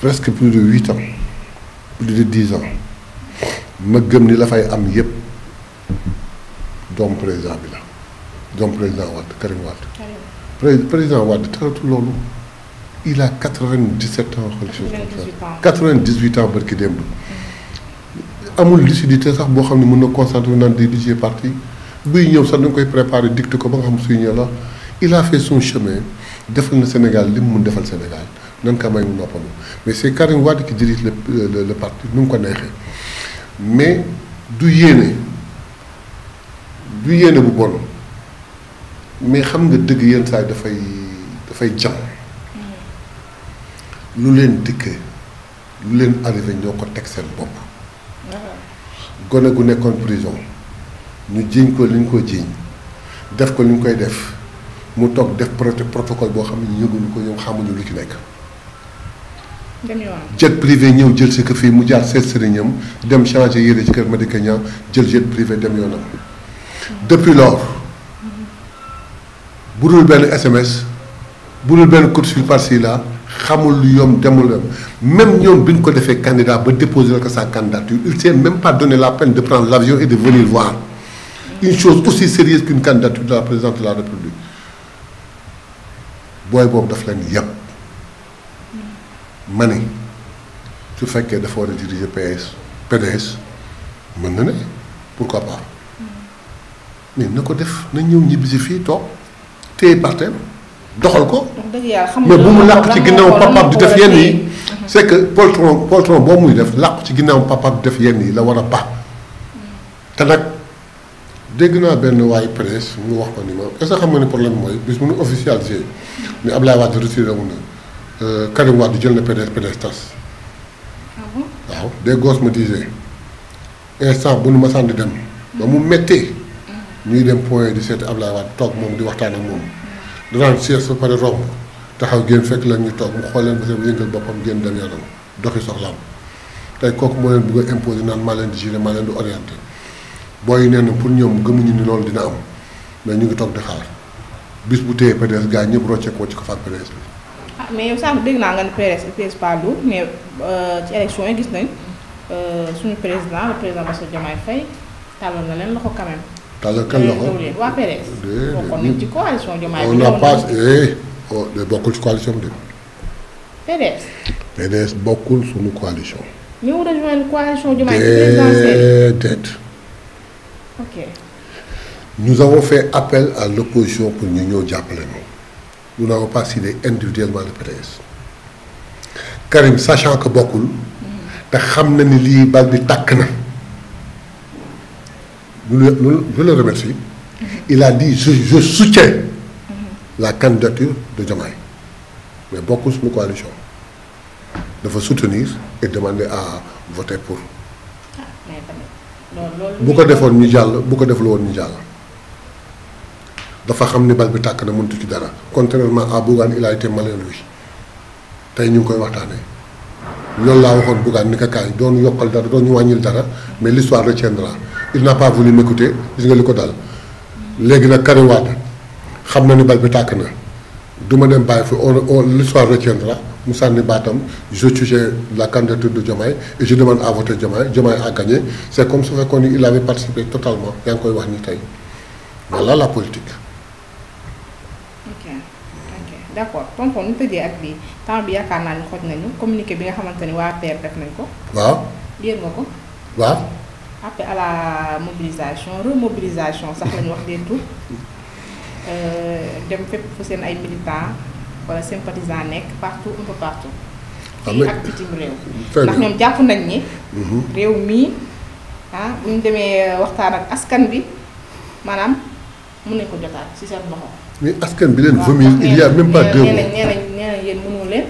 presque plus de huit ans plus de dix ans ma gëm ni la fay am yépp doom président bi la doom président Wade Karim Wade. président Wade taratu loolu. il a 97 ans xool chose comme ça 98 ans barki démb amul lucidité sax boo xam ne mën na concentré naan di diriger parti buy ñëw sax dañ koy préparé dicté ko ba nga xam suy ñëw la il a fait son chemin defal na Sénégal li mu mun defal Sénégal nan ko may mu noppalu mais c'est Karim Wade qui dirige le euh, le, le nu mu ko neexee mais du yéene du yéene bu bon mais xam nga dëgg yenn saa dafay dafay jam lu leen dikkee lu leen arrivé ñoo ko teg seen bopp gone gu nekkoon prison ñu jiiñ ko li ñu ko jiiñ def ko li ñu koy def mu toog def protocole boo xam ne yëguñu ko ñëw xamuñu lu ci nekk jet privé ñëw jël si ko fii mu jaar seet sëriñam dem changer yére ci kër ma Madické Niang jël jet privé dem yoonam depuis lors bu dul benn SMS bu dul benn coup de fil xamul lu yomb demul yomb même ñoom bi ñu ko defee candidat ba déposé na ko sa candidature il s'est même pas donné la peine de prendre l'avion et de venir voir une chose aussi sérieuse qu'une candidature de la présidente de la République booy boobu daf leen yàpp ma ne su fekkee dafa war a diriger PS PDS mën na ne pourquoi pas mm. mais na ko def na ñëw ñibbisi fii toog téye parteem doxal ko. mais bu mu làqu ci ginnaaw papaam di def yenn yi. c' est que poltron poltron boo muy def làqu ci ginnaaw papaam di def yenn yi la war a baax. te nag dégg naa benn waayu presse mu wax ko ni ma est ce que mooy bis bu nu officialisé ni Ablaye Wade retiré wu na euh, Karim Wade jël na PDS tas. Ah waaw des gosses ma bu nu ma sànni dem. ba mu méttee. Mm. ñuy dem point di seeti Ablaye Wade toog moom di waxtaan ak moom. danaan sieste ba pare romb taxaw génn fekk leen ñu toog mu xool leen ba seen yëngal boppam génn dem yoonam doxi soxlaam tey kooku moo leen bëgg a imposer naan maa leen di gérer maa leen di orienté booy yi nee na pour ñoom gëmuñu ni loolu dina am mais ñu ngi toog di xaar bis bu téye PDS gars ñëpp rocce ko ci ko faat PDS bi. ah mais yow sànq dégg naa nga ne PDS PS Pado mais euh, ci élection yi gis nañ euh, suñu président le président Bassirou Diomaye tàllal kan loxo n'a pas bokkul ci coalition bi de. bokkul suñu coalition. ñëw rejoindre coalition Diomaye déedéet. nous avons fait appel à l'opposition pour ñu ñëw jàppale ñu. nous n'avons pas signé individuellement le PDS. Karim sachant que bokkul. Mm. te xam na ni lii bal bi takk na. nous le, nous, je le remercie, il a dit je, je soutiens la candidature de Diomaye mais bokkul suñu coalition dafa soutenir et demander à voter pour. bu ko defoon ñu jàll bu ko deful woon ñu jàll. dafa xam ni bal bi tàkk na mëntu ci dara contrairement à Bougane il a été malheureux tey ñu ngi koy waxtaanee loolu laa waxoon Bougane ni ko kaay doon yokkal dara doon ñu wàññil dara mais l'histoire retiendra il n'a pas voulu m'écouter gis nga li ko daal léegi nag Karim Wade xam na ni bal bi tàkk na du ma dem bàyyi fi on on l'histoire retiendra mu sànni baatam je sujet la candidature de Diomaye et je demande à voter Diomaye c'est comme su fekkoon ni il avait participé totalement yaa ngi koy wax ni tey voilà la politique. ok ok d'accord donc ñu tëjee ak bi temps bi yaakaar naa ni xoj nañu communiqué bi nga xamante ni waa APR def nañ ko. waaw. yéen nga ko. waaw. appel à la mobilisation remobilisation sax la ñu wax dee tout euh, dem fépp fu seen ay militants wala sympathisants nekk partout un peu partout. Ah, fii ak bitim réew. ndax ñoom jàpp nañ ni. Mhm. réew mii ah bu demee euh, waxtaan ak askan bi maanaam mun nañ ko jotaat ci seen loxo. mais askan bi leen vomi il y a même pas deux mois. nee nañ nee nañ nee nañ yéen mënoo leen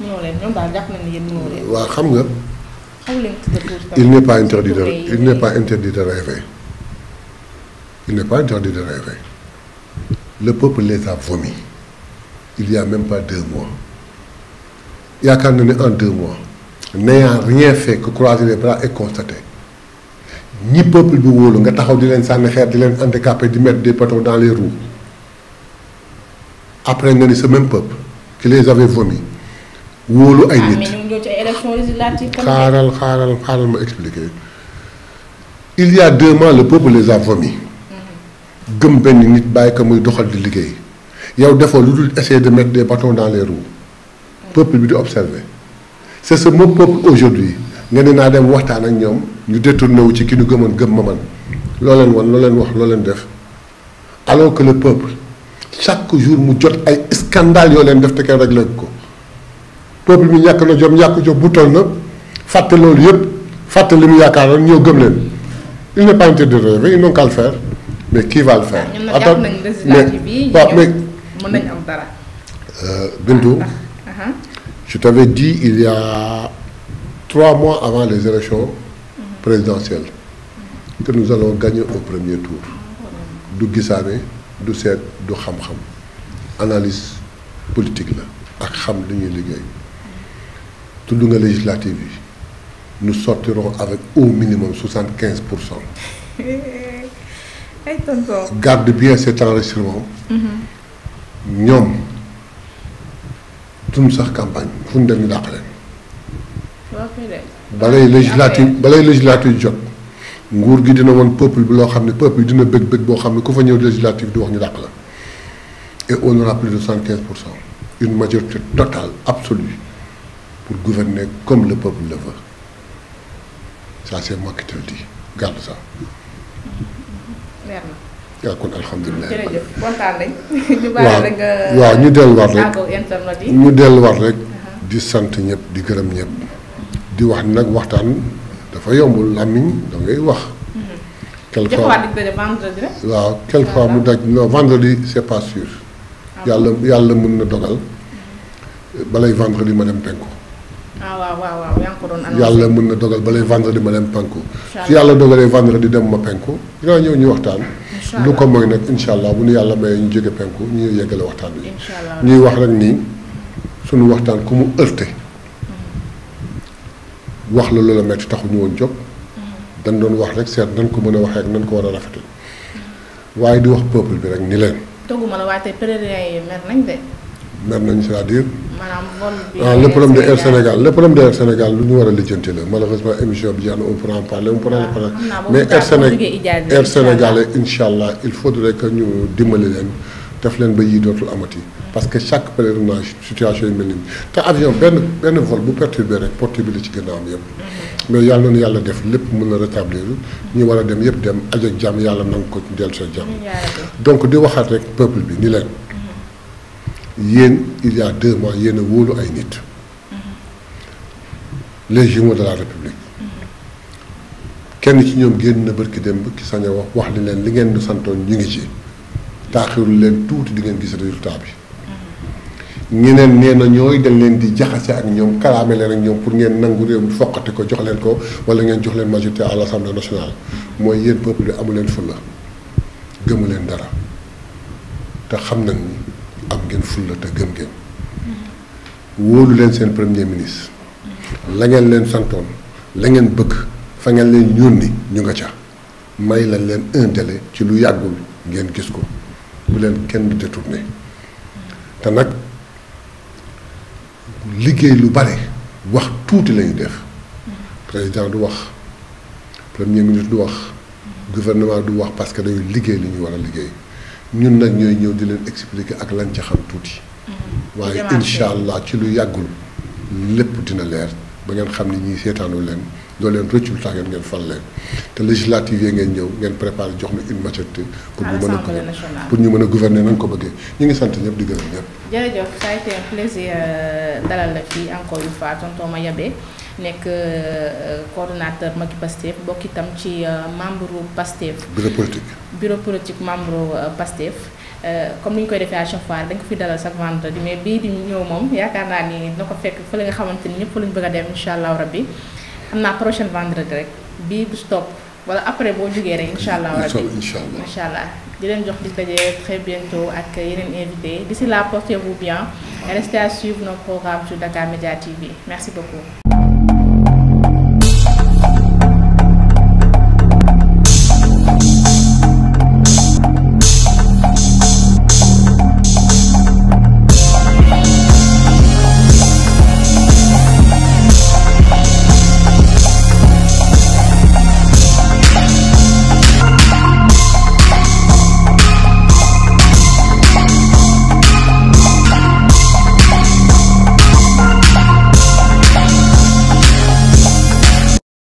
mënoo leen ñoom daal jàpp nañ ne yéen mënoo leen. waaw xam nga. il n'est pas interdit de il n'est pas interdit de rêver il n'est pas interdit de rêver le peuple les a vomi il y a même pas deux mois yaakaar na ne en deux mois n'ayant rien fait que croiser les bras et constater ñi peuple bi wóolu nga taxaw di leen sànni xeet di leen handicapé di mettre des bâtons dans les roues après nga ni ce même peuple qui les avait vomi wóolu ay nit xaaral xaaral xaaral ma expliquer il y a deux mois peuple les a mm-hmm. gëm benn nit bàyyi ko muy doxal di liggéey yow defoo lu dul essayer de mettre des bâtons dans les roues mm-hmm. peuple bi di observer c'est ce même peuple aujourd'hui nga ne naa dem waxtaan ak ñoom ñu détourné wu ci ki ñu gëmoon gëm ma man loo leen wan loo wax loo leen def alors que le peuple chaque jour mu jot ay scandale yoo leen def te kenn réglé ko peuple bi ñàkk na jom ñàkk jom bu toll na fàtte loolu yëpp fàtte li yaakaar yaakaaroon ñoo gëm leen il n'est pas interdit de rêver ils n'ont qu'à le faire mais qui va le faire. attends mais waaw mais mën nañu euh, ah, ah, ah. il y trois mois avant les élections mhm. présidentielles que nous allons gagner au premier tour du gisaane du seet du xam-xam analyse politique la ak xam li ñuy liggéey. tudd nga législative yi nous sortirons avec au minimum soixante quinze pour cent. ay tonton. garde bien cet enregistrement. Mm-hmm. ñoom tuñ sax campagne fu ñu dem ñu dàq leen. balay ah, législative balay législative jot nguur gi dina woon peuple bi loo xam ne peuple bi dina bëgg bëgg boo xam ne ku fa ñëw législative di wax ñu dàq la et on aura plus de soixante quinze pour cent une majorité totale absolue. pour gouverner comme le peuple le veut ça c'est moi qui te le dis kon alhamdulilah jërëjëf kontaan nañ. ñu baax rek euh, ñu delluwaat rek ñu rek. Uh-huh. di sant ñëpp di gërëm ñëpp. di wax nag waxtaan dafa yombul làmmiñ da wax. quelque fois quelque fois mu daj non vendredi c'est pas ah yàlla yàlla mën na dogal uh-huh. balay vendredi ma dem penku. ah waaw waaw waaw yaa ngi ko doon annoncé yàlla mën na dogal balay vendredi ma dem penku. su yàlla dogalee vendredi dem ma penku dinaa ñëw ñu waxtaan. lu ko mooy nag incha allah bu nu yàlla mayee ñu jóge penku ñu yeggale waxtaan bi. ñuy wax rek nii suñu waxtaan ku mu heurté. Mm-hmm. wax la loola metti taxu ñu woon jóg. Mm-hmm. dañ doon wax rek seet nan ko mën a waxee ak nan ko war a rafetal mm-hmm. waaye di wax peuple bi rek ni leen. mer nañu c'est-à-dire. maanaam ah, le problème de Air Sénégal lépp problème de Air Sénégal lu mu war a lijjanti la malheureusement émission bi jeex na on pourra en mais Air Sénégal Air Sénégal incha allah il faudrait que ñu dimbali leen def leen ba yii dootul amati. parce que chaque pèlerinage situation yi mel nii te avion benn benn vol bu perturbé rek porte ci gën a am yëpp. Mhm. mais yàlla na yàlla def lépp mën a rétablir ñu war a dem yëpp dem aj jàmm yàlla nangu ko dellu sa jàmm. donc di waxaat rek peuple bi ni leen. yéen il y a yéen a wóolu ay nit mm-hmm. les jumeaux de la république mm-hmm. kenn ci ñoom génn na barki démb ki sañ a wax wax li leen li ngeen nu santoon ñu ngi ci mm-hmm. taaxirul leen tuuti di ngeen gis résultat bi ñeneen nee na ñooy dañ leen di jaxase ak ñoom kalaame leen ak ñoom pour ngeen nangu réew mi foqati ko jox leen ko wala ngeen joxleen leen majorité à l'Assemblée nationale mooy yéen peuple bi amu leen fulla gëmu leen dara te xam nañ am ngeen fulla te gëm ngeen wóolu leen seen premier ministre la ngeen leen santoon la ngeen bëgg fa ngeen leen yónni ñu nga ca may la leen un ci lu yàggul ngeen gis ko bu leen kenn détourné te nag liggéey lu bare wax tuuti lañu def président du wax premier ministre du wax gouvernement du wax parce que dañuy liggéey li ñu war a liggéey ñun nag ñooy ñëw di leen expliquer ak lañ ci xam tuuti. Mm-hmm. waaye incha allah ci lu yàggul lépp dina leer ba ngeen xam ni ñii seetaanu leen doo leen rëccu tax ngeen ngeen fal leen te législative yi ngeen ñëw ngeen préparé jox na une maturité. pour ñu mën a gouverner pour ñu mën a gouverner nañ ko bëggee ñu ngi sant ñëpp di gërëm ñëpp. jërëjëf ça a été un euh, dalal la fii encore une fois tonton Mayabé. nekk euh, coordonnateur Macky Pastef bokk itam ci euh, membre Pastef. bureau politique. bureau politique membre euh, Pastef comme ni ñu koy defee à chaque fois dañ ko fi dalal chaque vendredi mais bii di ñëw moom yaakaar naa ni dina ko fekk fële nga xamante ni ñëpp lañ bëgg a dem incha allahu rabbi xam naa prochaine vendredi rek bii bu stop wala après boo jugee rek incha allahu rabbi allah di leen jox di daje très bientôt ak yeneen invité d'ici là portez-vous bien restez à suivre nos programmes sur merci beaucoup